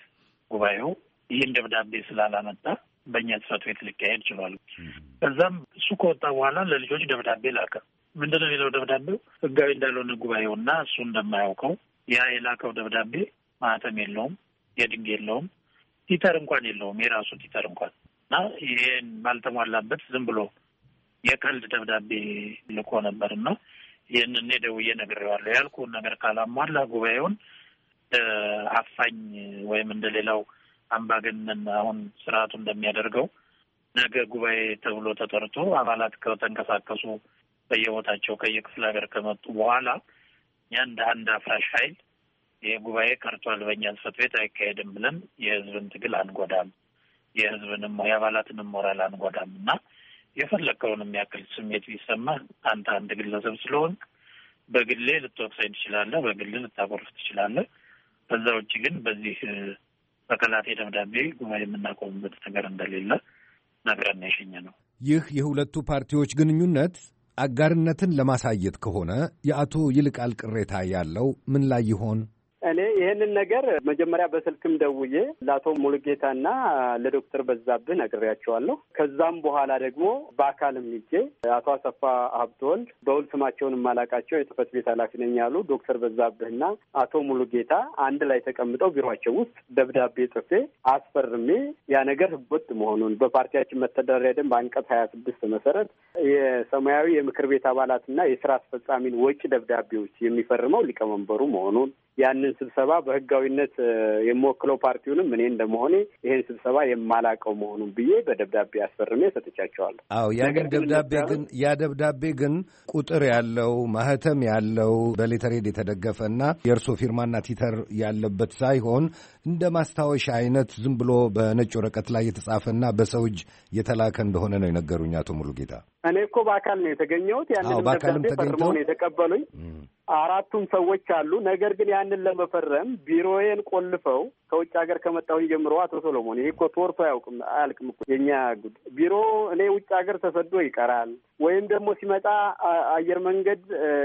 ጉባኤው ይህን ደብዳቤ ስላላመጣ በእኛ ጽሕፈት ቤት ሊካሄድ ችሏል። ከዛም እሱ ከወጣ በኋላ ለልጆች ደብዳቤ ላከ። ምንድነው የሚለው ደብዳቤው? ህጋዊ እንዳልሆነ ጉባኤውና እሱ እንደማያውቀው ያ የላከው ደብዳቤ ማህተም የለውም፣ የድንግ የለውም፣ ቲተር እንኳን የለውም የራሱ ቲተር እንኳን እና ይሄን ባልተሟላበት ዝም ብሎ የቀልድ ደብዳቤ ልኮ ነበርና ይህንን ደውዬ ነግሬዋለሁ። ያልኩህን ነገር ካላሟላ ጉባኤውን አፋኝ ወይም እንደሌላው አምባገነን አሁን ስርዓቱ እንደሚያደርገው ነገ ጉባኤ ተብሎ ተጠርቶ አባላት ከተንቀሳቀሱ በየቦታቸው ከየክፍለ ሀገር ከመጡ በኋላ እኛ እንደ አንድ አፍራሽ ኃይል ይህ ጉባኤ ቀርቷል፣ በእኛ ጽሕፈት ቤት አይካሄድም ብለን የህዝብን ትግል አንጎዳም፣ የህዝብንም የአባላትንም ሞራል አንጎዳም እና የፈለግከውን ያክል ስሜት ቢሰማህ አንተ አንድ ግለሰብ ስለሆን በግሌ ልትወቅሰኝ ትችላለህ፣ በግሌ ልታጎርፍ ትችላለህ። በዛ ውጭ ግን በዚህ በከላቴ ደብዳቤ ጉባኤ የምናቆምበት ነገር እንደሌለ ነግረን የሸኘ ነው። ይህ የሁለቱ ፓርቲዎች ግንኙነት አጋርነትን ለማሳየት ከሆነ የአቶ ይልቃል ቅሬታ ያለው ምን ላይ ይሆን? እኔ ይህንን ነገር መጀመሪያ በስልክም ደውዬ ለአቶ ሙሉጌታና ለዶክተር በዛብህ ነግሬያቸዋለሁ። ከዛም በኋላ ደግሞ በአካልም ሄጄ አቶ አሰፋ ሀብተወልድ በውል ስማቸውን የማላቃቸው የጽህፈት ቤት ኃላፊ ነኝ ያሉ ዶክተር በዛብህና አቶ ሙሉጌታ አንድ ላይ ተቀምጠው ቢሯቸው ውስጥ ደብዳቤ ጽፌ አስፈርሜ ያ ነገር ህገወጥ መሆኑን በፓርቲያችን መተዳደሪያ ደንብ አንቀጽ ሀያ ስድስት መሰረት የሰማያዊ የምክር ቤት አባላትና የስራ አስፈጻሚን ወጪ ደብዳቤዎች የሚፈርመው ሊቀመንበሩ መሆኑን ያንን ስብሰባ በህጋዊነት የምወክለው ፓርቲውንም እኔ እንደመሆኔ ይሄን ስብሰባ የማላቀው መሆኑን ብዬ በደብዳቤ አስፈርሜ ሰጥቻቸዋለሁ። አዎ ያንን ደብዳቤ ግን ያ ደብዳቤ ግን ቁጥር ያለው ማህተም ያለው በሌተሬድ የተደገፈ እና የእርስዎ ፊርማና ቲተር ያለበት ሳይሆን እንደ ማስታወሻ አይነት ዝም ብሎ በነጭ ወረቀት ላይ የተጻፈና በሰው እጅ የተላከ እንደሆነ ነው የነገሩኝ አቶ ሙሉጌታ። እኔ እኮ በአካል ነው የተገኘሁት። ያንን ደብዳቤ ፈርሞ ነው የተቀበሉኝ። አራቱም ሰዎች አሉ። ነገር ግን ያንን ለመፈረም ቢሮዬን ቆልፈው ከውጭ ሀገር ከመጣሁኝ ጀምሮ አቶ ሶሎሞን ይሄ እኮ ተወርቶ አያውቅም አያልቅም እኮ የኛ ጉድ ቢሮ እኔ ውጭ ሀገር ተሰዶ ይቀራል ወይም ደግሞ ሲመጣ አየር መንገድ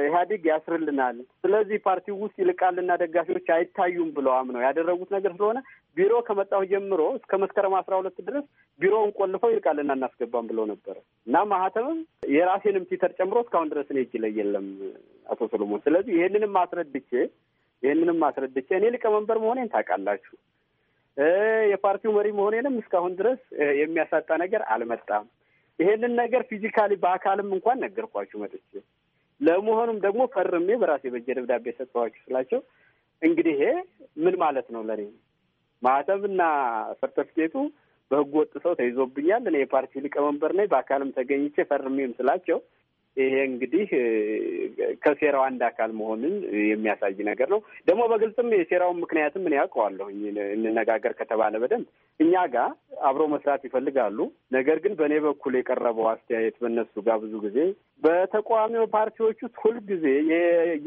ኢህአዴግ ያስርልናል፣ ስለዚህ ፓርቲ ውስጥ ይልቃልና ደጋፊዎች አይታዩም ብለው አምነው ያደረጉት ነገር ስለሆነ ቢሮ ከመጣሁ ጀምሮ እስከ መስከረም አስራ ሁለት ድረስ ቢሮውን ቆልፈው ይልቃልና እናስገባም ብለው ነበረ እና ማህተምም የራሴንም ቲተር ጨምሮ እስካሁን ድረስ እኔ እጅ ላይ የለም አቶ ሶሎሞን ስለዚህ ይህንንም አስረድቼ ይህንንም አስረድቼ እኔ ሊቀመንበር መሆኔን ታውቃላችሁ። የፓርቲው መሪ መሆኔንም እስካሁን ድረስ የሚያሳጣ ነገር አልመጣም። ይሄንን ነገር ፊዚካሊ በአካልም እንኳን ነገርኳችሁ መጥቼ። ለመሆኑም ደግሞ ፈርሜ በራሴ በጀ ደብዳቤ ሰጠኋችሁ ስላቸው እንግዲህ ይሄ ምን ማለት ነው? ለኔ ማህተብና ሰርተፍኬቱ በህገ ወጥ ሰው ተይዞብኛል። እኔ የፓርቲው ሊቀመንበር ነኝ፣ በአካልም ተገኝቼ ፈርሜም ስላቸው ይሄ እንግዲህ ከሴራው አንድ አካል መሆንን የሚያሳይ ነገር ነው። ደግሞ በግልጽም የሴራውን ምክንያትም ምን ያውቀዋለሁ እንነጋገር ከተባለ በደንብ እኛ ጋር አብሮ መስራት ይፈልጋሉ። ነገር ግን በእኔ በኩል የቀረበው አስተያየት በእነሱ ጋር ብዙ ጊዜ በተቃዋሚ ፓርቲዎች ውስጥ ሁልጊዜ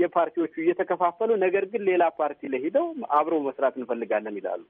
የፓርቲዎቹ እየተከፋፈሉ ነገር ግን ሌላ ፓርቲ ለሂደው አብሮ መስራት እንፈልጋለን ይላሉ።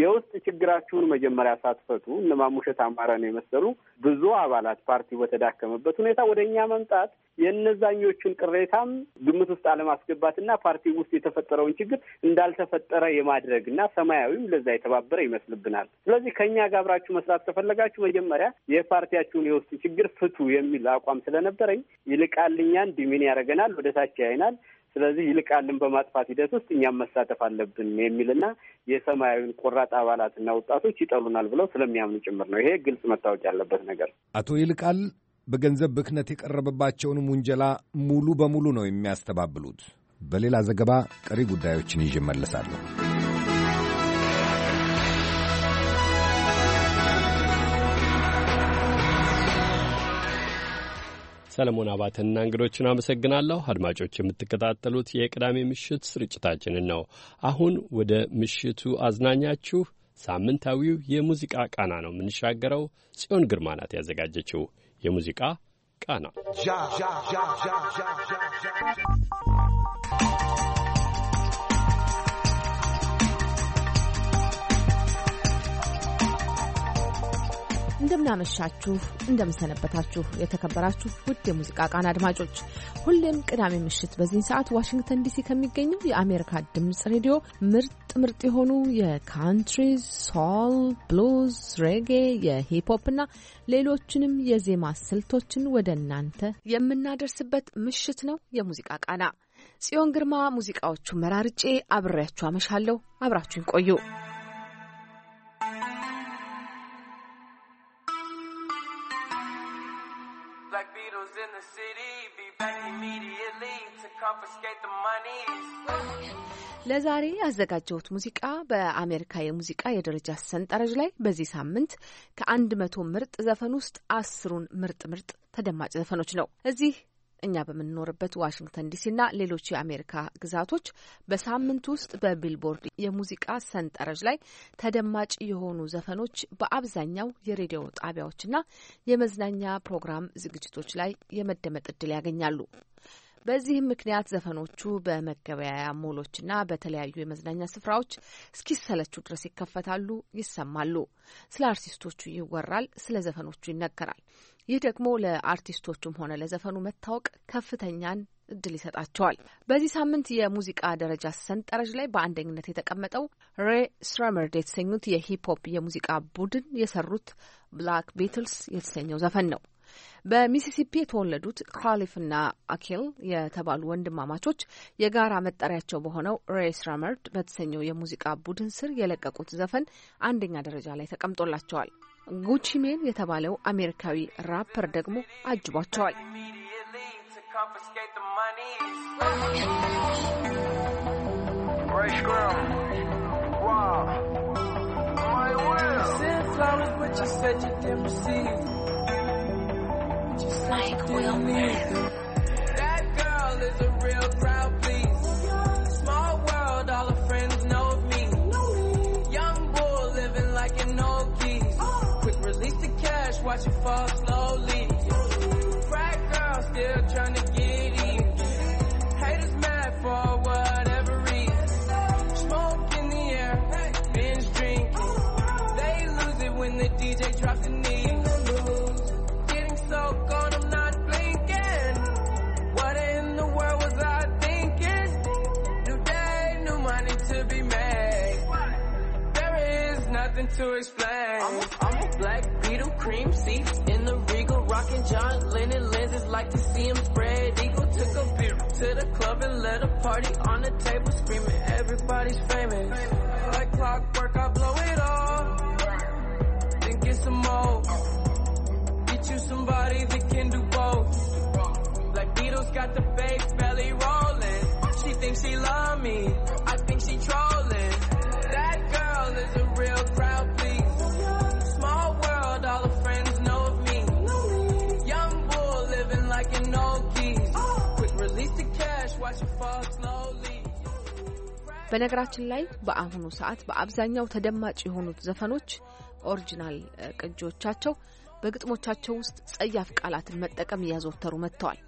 የውስጥ ችግራችሁን መጀመሪያ ሳትፈቱ እነ ማሙሸት አማረን የመሰሉ ብዙ አባላት ፓርቲው በተዳከመበት ሁኔታ ወደ እኛ መምጣት የእነዛኞቹን ቅሬታም ግምት ውስጥ አለማስገባትና ፓርቲው ውስጥ የተፈጠረውን ችግር እንዳልተፈጠረ የማድረግና ሰማያዊም ለዛ የተባበረ ይመስልብናል። ስለዚህ ከእኛ ጋር አብራችሁ መስራት ከፈለጋችሁ መጀመሪያ የፓርቲያችሁን የውስጥ ችግር ፍቱ የሚል አቋም ስለነበረኝ ይልቃልኛን ዲሚን ያደርገናል፣ ወደ ታች ያይናል ስለዚህ ይልቃልን በማጥፋት ሂደት ውስጥ እኛም መሳተፍ አለብን የሚልና የሰማያዊን ቆራጥ አባላትና ወጣቶች ይጠሉናል ብለው ስለሚያምኑ ጭምር ነው። ይሄ ግልጽ መታወቅ ያለበት ነገር። አቶ ይልቃል በገንዘብ ብክነት የቀረበባቸውን ውንጀላ ሙሉ በሙሉ ነው የሚያስተባብሉት። በሌላ ዘገባ ቀሪ ጉዳዮችን ይዤ መለሳለሁ። ሰለሞን አባተና እንግዶችን አመሰግናለሁ። አድማጮች የምትከታተሉት የቅዳሜ ምሽት ስርጭታችንን ነው። አሁን ወደ ምሽቱ አዝናኛችሁ ሳምንታዊው የሙዚቃ ቃና ነው የምንሻገረው። ጽዮን ግርማ ናት ያዘጋጀችው የሙዚቃ ቃና እንደምናመሻችሁ፣ እንደምንሰነበታችሁ የተከበራችሁ ውድ የሙዚቃ ቃና አድማጮች ሁሌም ቅዳሜ ምሽት በዚህን ሰዓት ዋሽንግተን ዲሲ ከሚገኘው የአሜሪካ ድምፅ ሬዲዮ ምርጥ ምርጥ የሆኑ የካንትሪ፣ ሶል፣ ብሉዝ፣ ሬጌ፣ የሂፕሆፕ እና ሌሎችንም የዜማ ስልቶችን ወደ እናንተ የምናደርስበት ምሽት ነው። የሙዚቃ ቃና ጽዮን ግርማ ሙዚቃዎቹ መራርጬ አብሬያችሁ አመሻለሁ። አብራችሁን ቆዩ። ለዛሬ ያዘጋጀሁት ሙዚቃ በአሜሪካ የሙዚቃ የደረጃ ሰንጠረዥ ላይ በዚህ ሳምንት ከአንድ መቶ ምርጥ ዘፈን ውስጥ አስሩን ምርጥ ምርጥ ተደማጭ ዘፈኖች ነው። እዚህ እኛ በምንኖርበት ዋሽንግተን ዲሲና ሌሎች የአሜሪካ ግዛቶች በሳምንት ውስጥ በቢልቦርድ የሙዚቃ ሰንጠረዥ ላይ ተደማጭ የሆኑ ዘፈኖች በአብዛኛው የሬዲዮ ጣቢያዎችና የመዝናኛ ፕሮግራም ዝግጅቶች ላይ የመደመጥ እድል ያገኛሉ። በዚህም ምክንያት ዘፈኖቹ በመገበያያ ሞሎችና በተለያዩ የመዝናኛ ስፍራዎች እስኪሰለቹ ድረስ ይከፈታሉ፣ ይሰማሉ። ስለ አርቲስቶቹ ይወራል፣ ስለ ዘፈኖቹ ይነገራል። ይህ ደግሞ ለአርቲስቶቹም ሆነ ለዘፈኑ መታወቅ ከፍተኛን እድል ይሰጣቸዋል። በዚህ ሳምንት የሙዚቃ ደረጃ ሰንጠረዥ ላይ በአንደኝነት የተቀመጠው ሬ ስረመርድ የተሰኙት የሂፖፕ የሙዚቃ ቡድን የሰሩት ብላክ ቢትልስ የተሰኘው ዘፈን ነው። በሚሲሲፒ የተወለዱት ካሊፍና አኪል የተባሉ ወንድማማቾች የጋራ መጠሪያቸው በሆነው ሬስ ራመርድ በተሰኘው የሙዚቃ ቡድን ስር የለቀቁት ዘፈን አንደኛ ደረጃ ላይ ተቀምጦላቸዋል። ጉቺሜን የተባለው አሜሪካዊ ራፐር ደግሞ አጅቧቸዋል። Since I was what you said you didn't see Mike Wilmer. That girl is a real crowd, please. Small world, all her friends know me. Young bull living like an old geese. Quick release the cash, watch it fall slowly. Frat girl still trying to get in. Haters mad for whatever reason. Smoke in the air, binge drinking. They lose it when the DJ drops the knee. Getting so to be mad. There is nothing to explain. I'm a, I'm a black beetle, cream seats in the regal, rocking John Lennon lenses, like to see him spread. Eagle took a beer to the club and let a party on the table, screaming, everybody's famous. Like clockwork, I blow it all. Then get some more. Get you somebody that can do both. Like Beetles got the bass belly roll. think she love me. I think she trolling. That girl is a real crowd, please. Small world, all her friends know of me. Young bull living like an old geese. Quick release the cash, watch it fall slowly. በነገራችን ላይ በአሁኑ ሰዓት በአብዛኛው ተደማጭ የሆኑት ዘፈኖች ኦሪጂናል ቅጂዎቻቸው በግጥሞቻቸው ውስጥ ጸያፍ ቃላትን መጠቀም እያዘወተሩ መጥተዋል።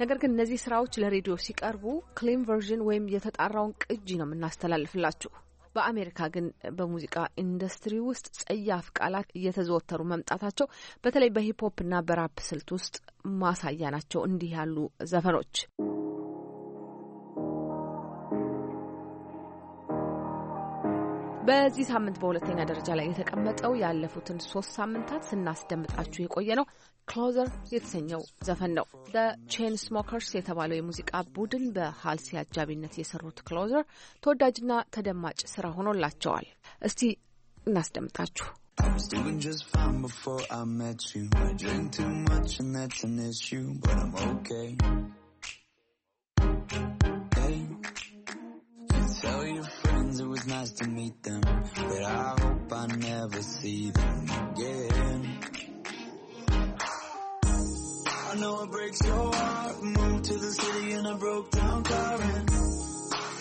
ነገር ግን እነዚህ ስራዎች ለሬዲዮ ሲቀርቡ ክሊን ቨርዥን ወይም የተጣራውን ቅጂ ነው የምናስተላልፍላችሁ። በአሜሪካ ግን በሙዚቃ ኢንዱስትሪ ውስጥ ጸያፍ ቃላት እየተዘወተሩ መምጣታቸው በተለይ እና በራፕ ስልት ውስጥ ማሳያ ናቸው እንዲህ ያሉ ዘፈኖች። በዚህ ሳምንት በሁለተኛ ደረጃ ላይ የተቀመጠው ያለፉትን ሶስት ሳምንታት ስናስደምጣችሁ የቆየ ነው ክሎዘር የተሰኘው ዘፈን ነው። ዘ ቼን ስሞከርስ የተባለው የሙዚቃ ቡድን በሀልሲ አጃቢነት የሰሩት ክሎዘር ተወዳጅና ተደማጭ ስራ ሆኖላቸዋል። እስቲ እናስደምጣችሁ። I doing just fine before I met you. I drink too much and that's an issue, but I'm okay. Hey, you tell your friends it was nice to meet them, but I hope I never see them again. know it breaks your heart. Moved to the city in a broke down car and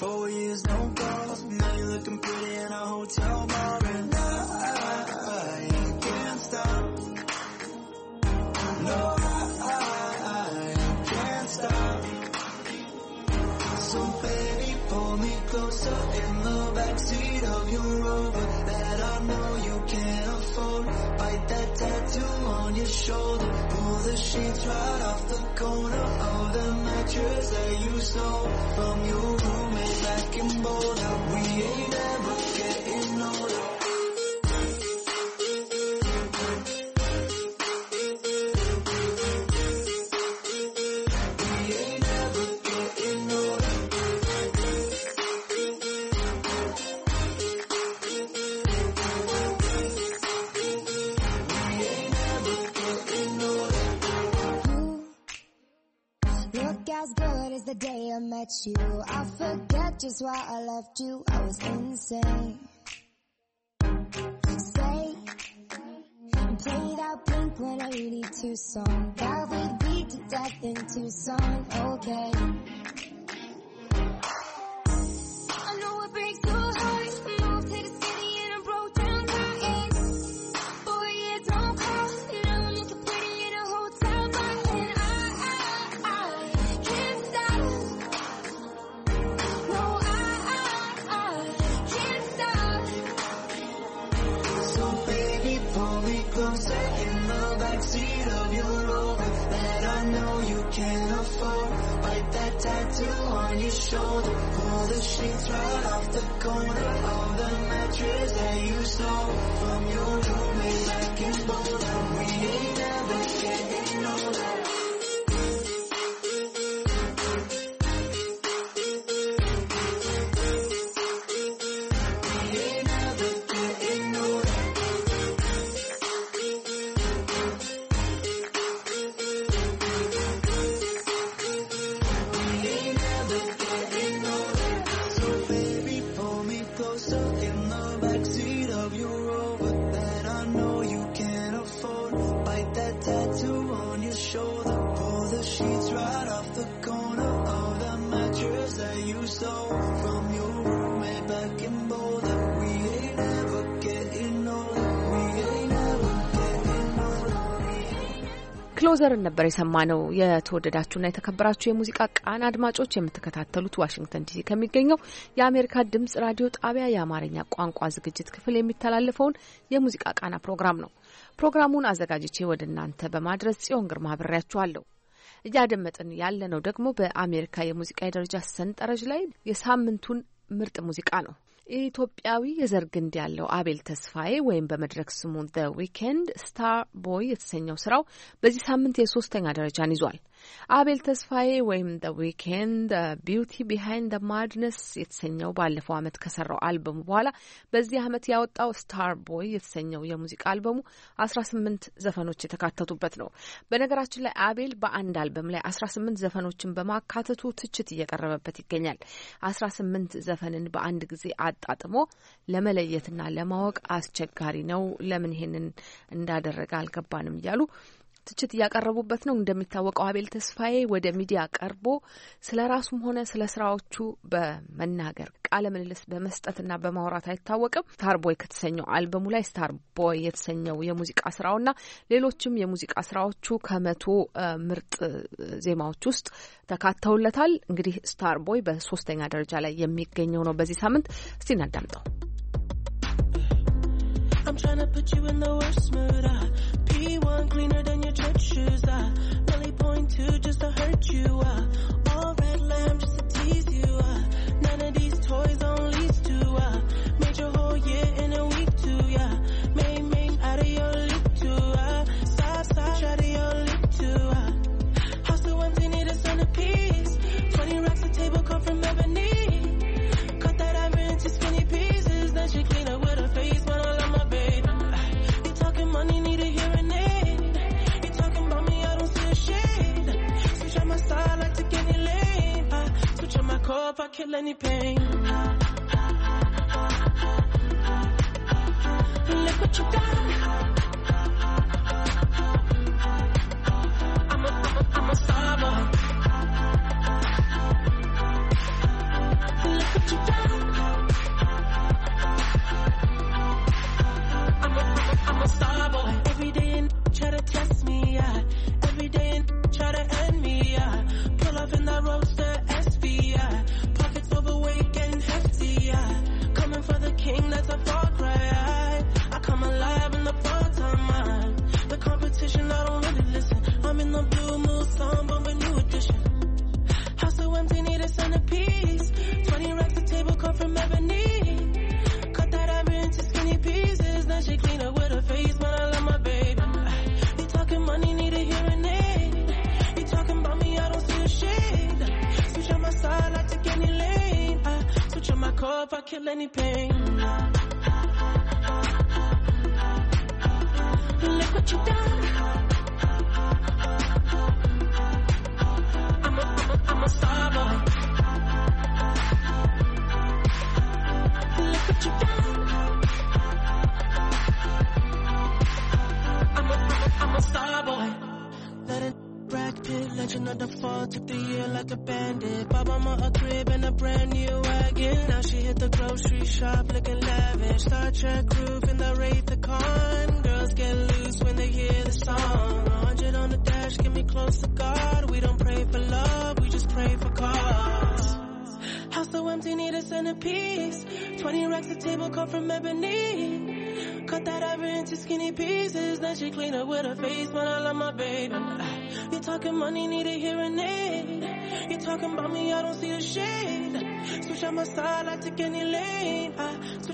four years no calls. Now you're looking pretty in a hotel bar and I, I can't stop. No, I, I can't stop. So baby, pull me closer in the backseat of your Rover. tattoo on your shoulder Pull the sheets right off the corner Of the mattress that you stole From your roommate back in Boulder We ain't ever That's why I left you, I was insane. Stay, play that Blink 182 song that we beat to death in Tucson, okay. shoulder Pull the sheets right off the corner Of the mattress that you stole From your room ክሎዘርን ነበር የሰማነው። የተወደዳችሁና የተከበራችሁ የሙዚቃ ቃና አድማጮች የምትከታተሉት ዋሽንግተን ዲሲ ከሚገኘው የአሜሪካ ድምጽ ራዲዮ ጣቢያ የአማርኛ ቋንቋ ዝግጅት ክፍል የሚተላለፈውን የሙዚቃ ቃና ፕሮግራም ነው። ፕሮግራሙን አዘጋጅቼ ወደ እናንተ በማድረስ ጽዮን ግርማ አብሬያችኋለሁ። እያደመጥን ያለነው ደግሞ በአሜሪካ የሙዚቃ የደረጃ ሰንጠረዥ ላይ የሳምንቱን ምርጥ ሙዚቃ ነው። ኢትዮጵያዊ የዘር ግንድ ያለው አቤል ተስፋዬ ወይም በመድረክ ስሙ ዘ ዊኬንድ ስታር ቦይ የተሰኘው ስራው በዚህ ሳምንት የሶስተኛ ደረጃን ይዟል። አቤል ተስፋዬ ወይም ደ ዊኬንድ ቢውቲ ቢሃይንድ ደ ማድነስ የተሰኘው ባለፈው ዓመት ከሰራው አልበሙ በኋላ በዚህ ዓመት ያወጣው ስታር ቦይ የተሰኘው የሙዚቃ አልበሙ አስራ ስምንት ዘፈኖች የተካተቱበት ነው። በነገራችን ላይ አቤል በአንድ አልበም ላይ አስራ ስምንት ዘፈኖችን በማካተቱ ትችት እየቀረበበት ይገኛል። አስራ ስምንት ዘፈንን በአንድ ጊዜ አጣጥሞ ለመለየትና ለማወቅ አስቸጋሪ ነው። ለምን ይሄንን እንዳደረገ አልገባንም እያሉ ትችት እያቀረቡበት ነው። እንደሚታወቀው አቤል ተስፋዬ ወደ ሚዲያ ቀርቦ ስለ ራሱም ሆነ ስለ ስራዎቹ በመናገር ቃለ ምልልስ በመስጠትና በማውራት አይታወቅም። ስታርቦይ ከተሰኘው አልበሙ ላይ ስታርቦይ የተሰኘው የሙዚቃ ስራውና ሌሎችም የሙዚቃ ስራዎቹ ከመቶ ምርጥ ዜማዎች ውስጥ ተካተውለታል። እንግዲህ ስታርቦይ በሶስተኛ ደረጃ ላይ የሚገኘው ነው በዚህ ሳምንት። እስቲ እናዳምጠው። G1 cleaner than your church shoes. I really point to just to hurt you. I all red lamb just to tease you. I none of these toys Call if I kill any pain. Look what you done. I'm a, I'm a, I'm a starver. Look what you done. I'm a, I'm a, I'm a star boy. Every day pain.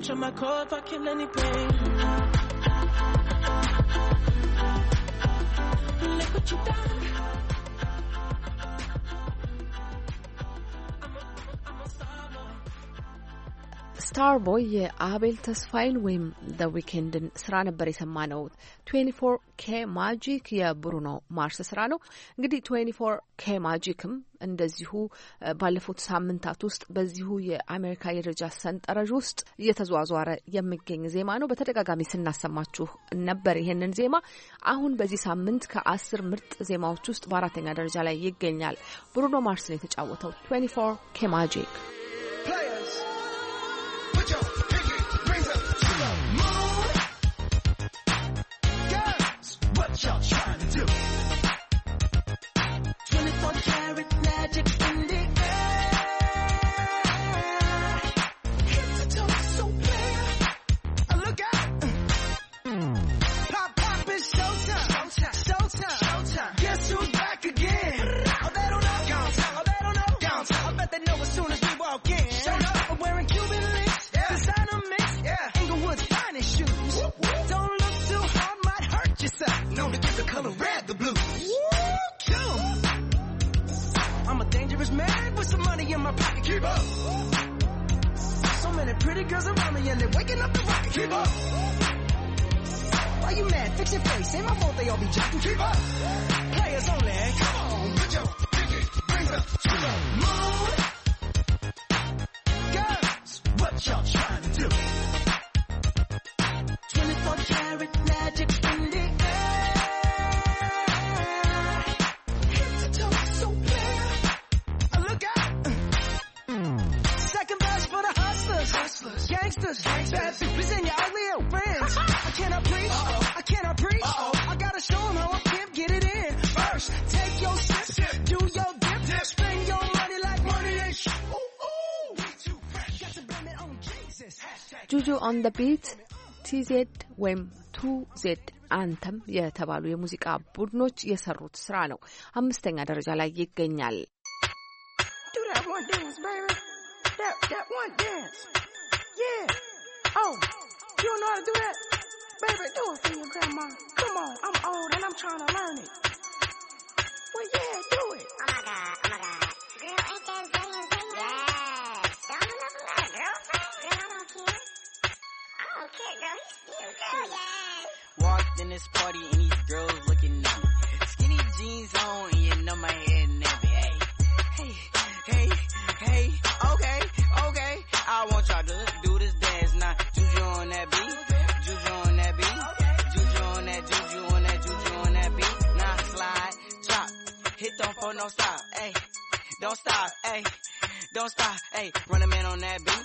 Switch my core, if I kill any pain. ስታርቦይ የአቤል ተስፋይን ወይም ዘ ዊኬንድን ስራ ነበር የሰማ ነው። ትዌንቲ ኬ ማጂክ የብሩኖ ማርስ ስራ ነው። እንግዲህ ትዌንቲ ኬ ማጂክም እንደዚሁ ባለፉት ሳምንታት ውስጥ በዚሁ የአሜሪካ የደረጃ ሰንጠረዥ ውስጥ እየተዘዋወረ የሚገኝ ዜማ ነው። በተደጋጋሚ ስናሰማችሁ ነበር ይሄንን ዜማ። አሁን በዚህ ሳምንት ከአስር ምርጥ ዜማዎች ውስጥ በአራተኛ ደረጃ ላይ ይገኛል። ብሩኖ ማርስን የተጫወተው ትዌንቲ ኬ ማጂክ ኦን ደ ቢት ቲዜድ ወይም ቱ ዜድ አንተም የተባሉ የሙዚቃ ቡድኖች የሰሩት ስራ ነው። አምስተኛ ደረጃ ላይ ይገኛል። Oh my God. Oh, yeah. Walked in this party and these girls looking at me. Skinny jeans on and you know my head nappy. Hey, hey, hey, hey, okay, okay. I want y'all to do this dance now. Juju on that beat, juju on that beat, juju on that, juju on that, juju on that beat. Now slide, chop, hit don't no stop. Hey, don't stop. Hey, don't stop. Hey, run a man on that beat.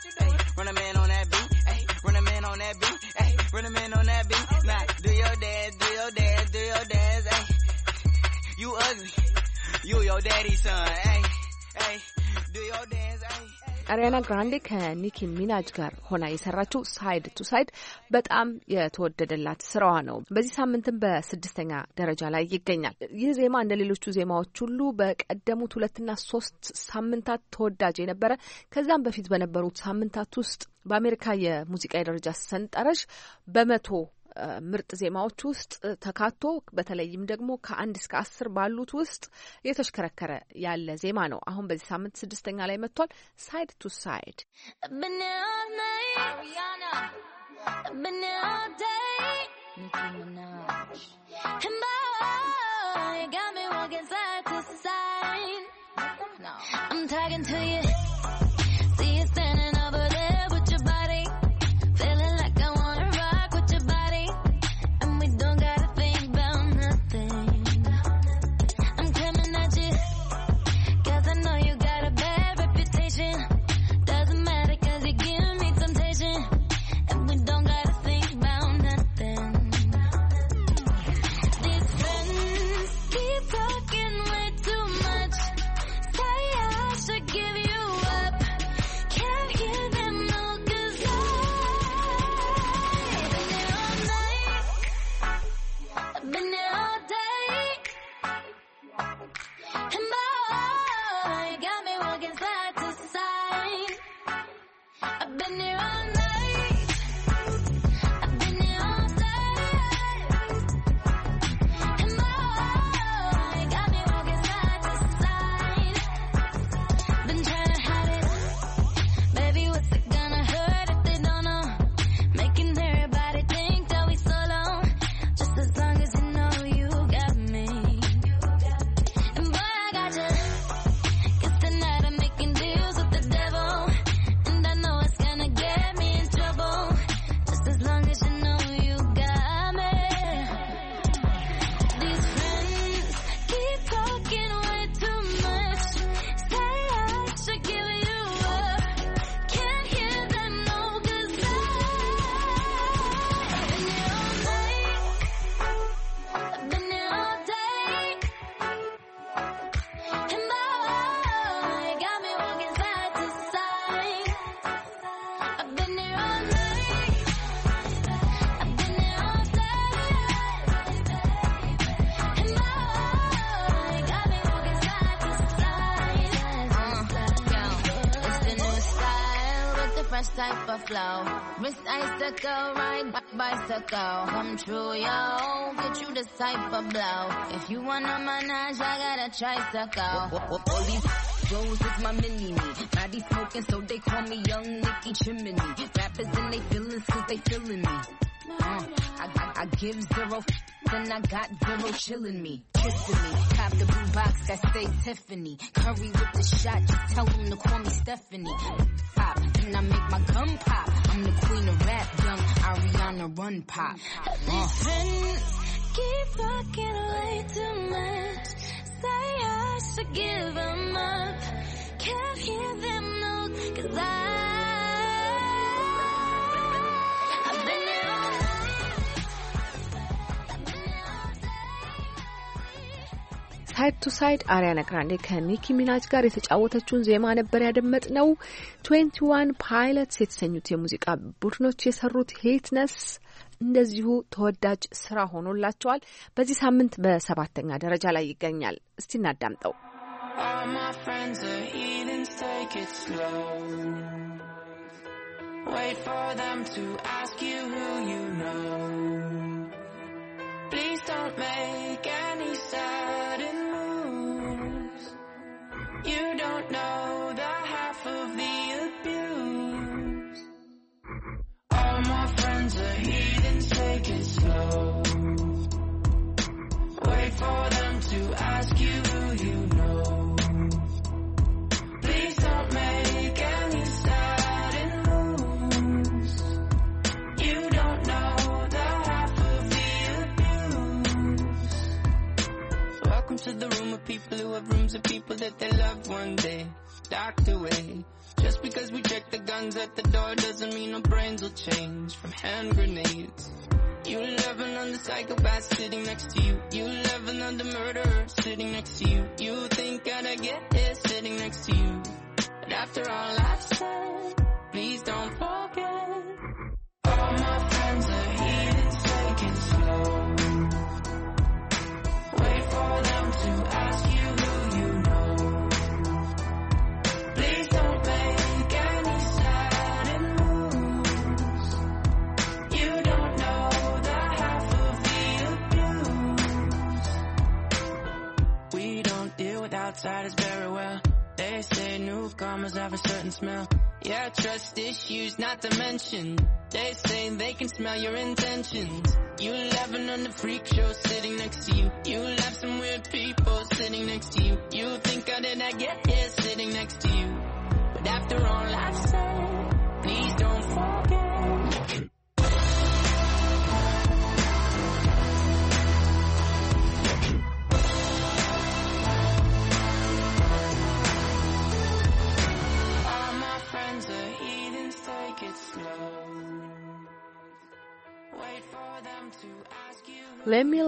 አሪያና ግራንዴ ከኒኪ ሚናጅ ጋር ሆና የሰራችው ሳይድ ቱ ሳይድ በጣም የተወደደላት ስራዋ ነው። በዚህ ሳምንትም በስድስተኛ ደረጃ ላይ ይገኛል። ይህ ዜማ እንደ ሌሎቹ ዜማዎች ሁሉ በቀደሙት ሁለትና ሶስት ሳምንታት ተወዳጅ የነበረ ከዛም በፊት በነበሩት ሳምንታት ውስጥ በአሜሪካ የሙዚቃ የደረጃ ሰንጠረዥ በመቶ ምርጥ ዜማዎች ውስጥ ተካቶ በተለይም ደግሞ ከአንድ እስከ አስር ባሉት ውስጥ እየተሽከረከረ ያለ ዜማ ነው። አሁን በዚህ ሳምንት ስድስተኛ ላይ መጥቷል። ሳይድ ቱ ሳይድ I'm talking to you. slow. Wrist icicle, ride bicycle. Come true, yo. Get you the type of blow. If you want a menage, I got a tricycle. All these Joe's is my mini me. Body smoking, so they call me Young Nicky Chimney. Rappers and they feelin' cause they feelin' me. Uh, I, I, I give zero, then I got zero chillin' me. Kissing me, cop the blue box that say Tiffany. Curry with the shot, just tell them to call me Stephanie. Pop, and I make my pop. I'm the queen of rap, young Ariana Run Pop. These friends keep fucking away too much. Say I should give them up. Can't hear them no, cause I ሳይድ ቱ ሳይድ አሪያና ግራንዴ ከኒኪ ሚናጅ ጋር የተጫወተችውን ዜማ ነበር ያደመጥ ነው። ትዌንቲ ዋን ፓይለትስ የተሰኙት የሙዚቃ ቡድኖች የሰሩት ሄትነስ እንደዚሁ ተወዳጅ ስራ ሆኖላቸዋል። በዚህ ሳምንት በሰባተኛ ደረጃ ላይ ይገኛል። እስቲ እናዳምጠው። Wait for them to ask you who you know Please don't make any sudden moves. You don't know the half of the abuse. All my friends are heathens, take it slow. Wait for them to ask you who you know. Please don't make any into the room of people who have rooms of people that they loved one day docked away. Just because we check the guns at the door doesn't mean our brains will change from hand grenades. You love another psychopath sitting next to you. You love another murderer sitting next to you. You think that I get it sitting next to you. But after all I've said, please don't forget. All my friends are here, taking slow. outside is very well. They say newcomers have a certain smell. Yeah, trust issues not to mention. They say they can smell your intentions. You laughing on the freak show sitting next to you. You laugh some weird people sitting next to you. You think I did not get here sitting next to you. But after all I've said.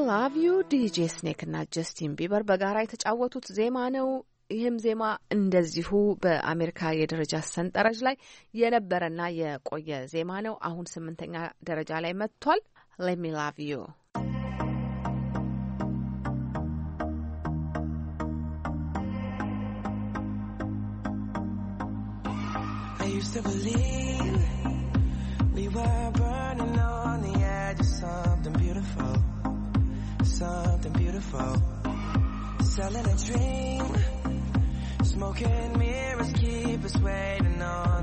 ላቭ ዩ ዲጄ ስኔክ እና ጀስቲን ቢበር በጋራ የተጫወቱት ዜማ ነው። ይህም ዜማ እንደዚሁ በአሜሪካ የደረጃ ሰንጠረዥ ላይ የነበረና የቆየ ዜማ ነው። አሁን ስምንተኛ ደረጃ ላይ መጥቷል። ላቭ ዩ I used to believe i in a dream. Smoking mirrors keep us waiting on.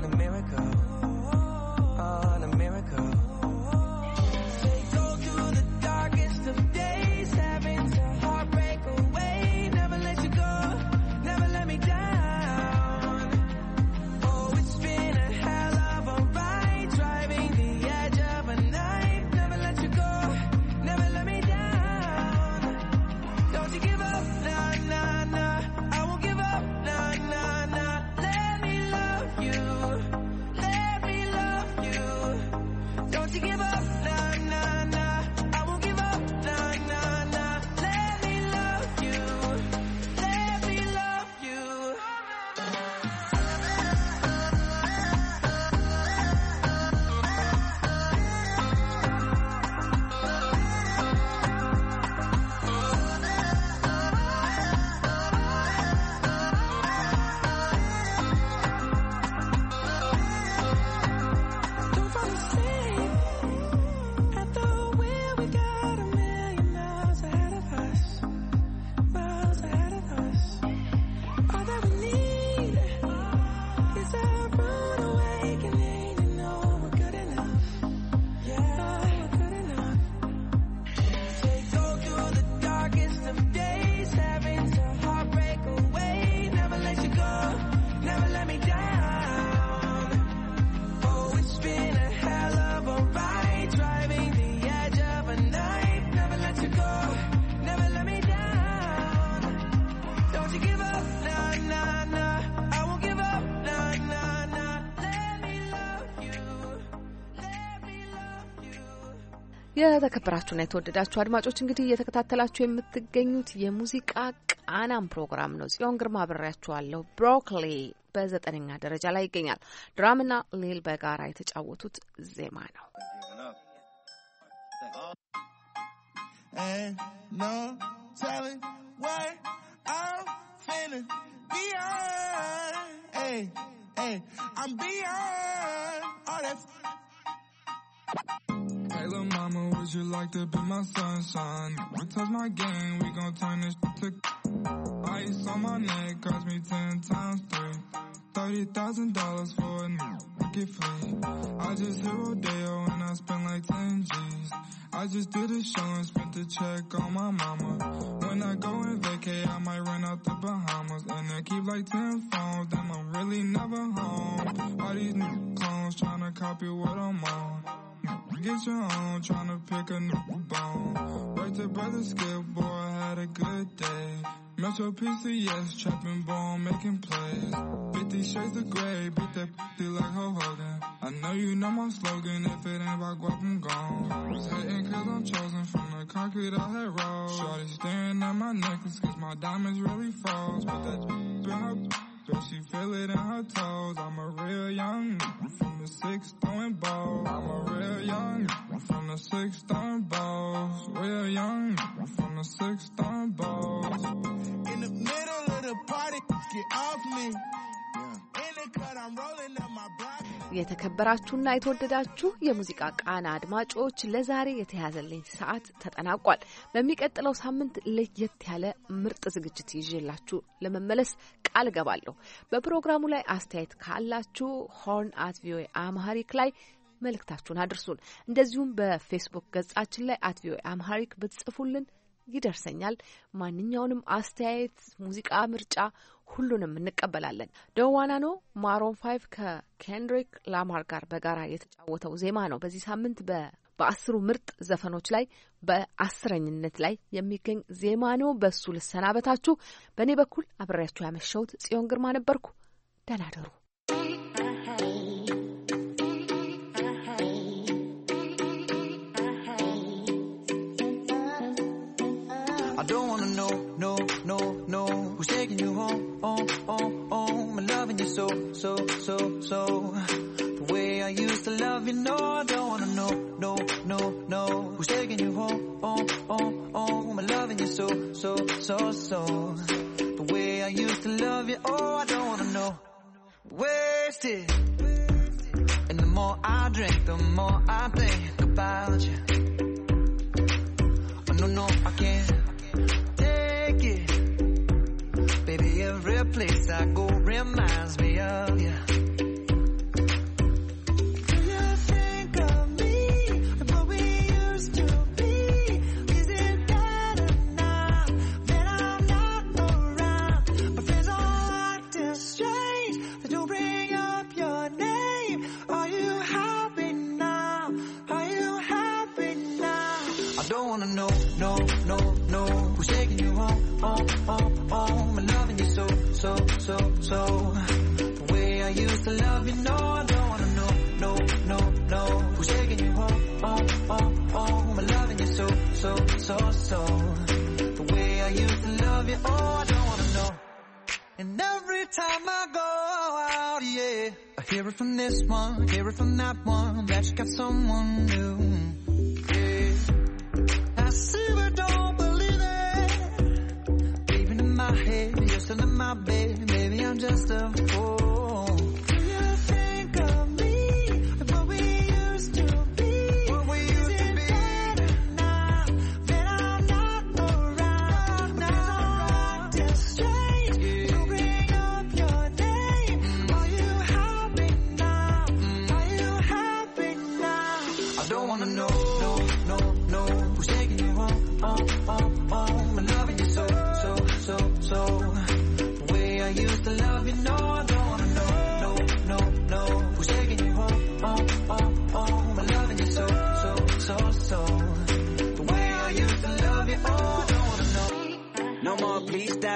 የተከበራችሁና የተወደዳችሁ አድማጮች እንግዲህ እየተከታተላችሁ የምትገኙት የሙዚቃ ቃናም ፕሮግራም ነው። ጽዮን ግርማ አብሬያችኋለሁ። ብሮክሊ በዘጠነኛ ደረጃ ላይ ይገኛል። ድራምና ሌል በጋራ የተጫወቱት ዜማ ነው። I'm beyond all that. Hey little mama, would you like to be my sunshine? We touch my game, we gon' turn this to Ice on my neck, cost me ten times Thirty thousand dollars for a naked flea I just hit Rodeo and I spent like ten G's I just did a show and spent the check on my mama When I go and vacay, I might run out the Bahamas And I keep like ten phones, then I'm really never home All these new clones tryna copy what I'm on Get your own, tryna pick a new bone. Worked the brother Skip, boy, had a good day. Metro PCS, trapping bone, making plays. 50 shades of gray, beat that p like Ho Hogan. I know you know my slogan, if it ain't about guap, I'm gone. hating cause I'm chosen from the concrete I had rolled. Shorty staring at my necklace cause my diamonds really froze. Put that in her Bet she feel it in her toes. I'm a real young from the six throwing balls. I'm a real young from the six throwing balls. Real young from the six throwing balls. In the middle of the party, get off me. የተከበራችሁና የተወደዳችሁ የሙዚቃ ቃና አድማጮች ለዛሬ የተያዘልኝ ሰዓት ተጠናቋል። በሚቀጥለው ሳምንት ለየት ያለ ምርጥ ዝግጅት ይዤላችሁ ለመመለስ ቃል እገባለሁ። በፕሮግራሙ ላይ አስተያየት ካላችሁ ሆርን አት ቪኦኤ አማሃሪክ ላይ መልእክታችሁን አድርሱን። እንደዚሁም በፌስቡክ ገጻችን ላይ አት ቪኦኤ አማሃሪክ ብትጽፉልን ይደርሰኛል። ማንኛውንም አስተያየት፣ ሙዚቃ ምርጫ፣ ሁሉንም እንቀበላለን። ነው ማሮን ፋይቭ ከኬንድሪክ ላማር ጋር በጋራ የተጫወተው ዜማ ነው በዚህ ሳምንት በ በአስሩ ምርጥ ዘፈኖች ላይ በአስረኝነት ላይ የሚገኝ ዜማ ነው። በሱ ልሰናበታችሁ። በእኔ በኩል አብሬያችሁ ያመሸሁት ጽዮን ግርማ ነበርኩ። ደህና ደሩ። so, so, so, so. The way I used to love you, no, I don't wanna know, no, no, no. Who's taking you home, oh, oh, oh. I'm loving you so, so, so, so. The way I used to love you, oh, I don't wanna know. Wasted. And the more I drink, the more I think about you. Oh, no, no, I can't. every place I go reminds me of you. the love you no, I don't wanna know, no, no, no Who's taking you home, home, home, oh My loving you so, so, so, so The way I used to love you, oh, I don't wanna know And every time I go out, yeah I hear it from this one, hear it from that one That you got someone new, yeah I see don't believe it Even in my head, you're still in my bed Maybe I'm just a fool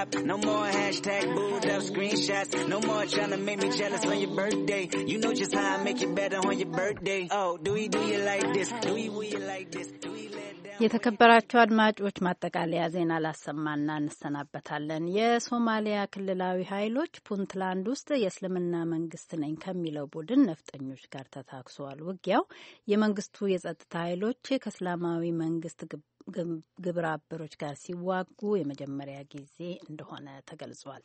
rap. No more hashtag booed up screenshots. No more trying to make me jealous on your birthday. You know just how I make you better on your birthday. Oh, do we do you like this? Do we will you like this? Do we let የተከበራቸው አድማጮች ማጠቃለያ ዜና ላሰማና እንሰናበታለን። የሶማሊያ ክልላዊ ኃይሎች ፑንትላንድ ውስጥ የእስልምና መንግስት ነኝ ከሚለው ቡድን ነፍጠኞች ጋር ተታክሰዋል። ውጊያው የመንግስቱ የጸጥታ ኃይሎች ከእስላማዊ መንግስት ግብ ግብረ አበሮች ጋር ሲዋጉ የመጀመሪያ ጊዜ እንደሆነ ተገልጿል።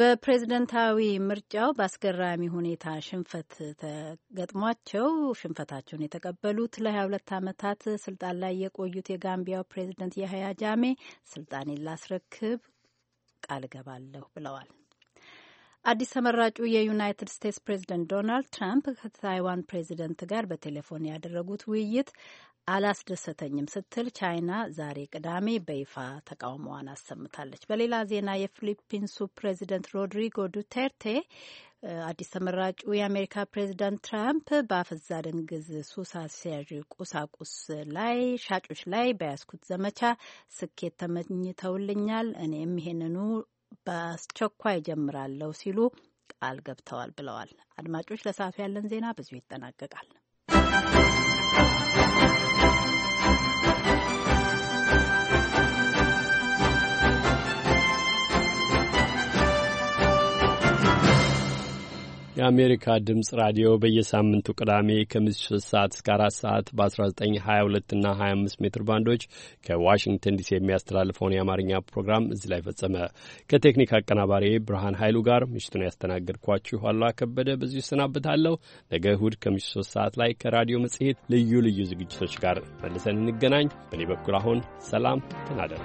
በፕሬዝደንታዊ ምርጫው በአስገራሚ ሁኔታ ሽንፈት ተገጥሟቸው ሽንፈታቸውን የተቀበሉት ለ22 ዓመታት ስልጣን ላይ የቆዩት የጋምቢያው ፕሬዝደንት ያህያ ጃሜ ስልጣኔን ላስረክብ ቃል ገባለሁ ብለዋል። አዲስ ተመራጩ የዩናይትድ ስቴትስ ፕሬዝደንት ዶናልድ ትራምፕ ከታይዋን ፕሬዝደንት ጋር በቴሌፎን ያደረጉት ውይይት አላስደሰተኝም ስትል ቻይና ዛሬ ቅዳሜ በይፋ ተቃውሞዋን አሰምታለች። በሌላ ዜና የፊሊፒንሱ ፕሬዚደንት ሮድሪጎ ዱቴርቴ አዲስ ተመራጩ የአሜሪካ ፕሬዚዳንት ትራምፕ በአፈዛ ድንግዝ ሱስ አስያዥ ቁሳቁስ ላይ ሻጮች ላይ በያዝኩት ዘመቻ ስኬት ተመኝተውልኛል፣ እኔም ይሄንኑ በአስቸኳይ ጀምራለሁ ሲሉ ቃል ገብተዋል ብለዋል። አድማጮች፣ ለሰዓቱ ያለን ዜና ብዙ ይጠናቀቃል። የአሜሪካ ድምፅ ራዲዮ በየሳምንቱ ቅዳሜ ከምሽቱ 3 ሰዓት እስከ 4 ሰዓት በ1922 እና 25 ሜትር ባንዶች ከዋሽንግተን ዲሲ የሚያስተላልፈውን የአማርኛ ፕሮግራም እዚህ ላይ ፈጸመ። ከቴክኒክ አቀናባሪ ብርሃን ኃይሉ ጋር ምሽቱን ያስተናገድኳችሁ አሉላ ከበደ በዚሁ እሰናብታለሁ። ነገ እሁድ ከምሽቱ 3 ሰዓት ላይ ከራዲዮ መጽሔት ልዩ ልዩ ዝግጅቶች ጋር መልሰን እንገናኝ። በእኔ በኩል አሁን ሰላም ተናደሩ።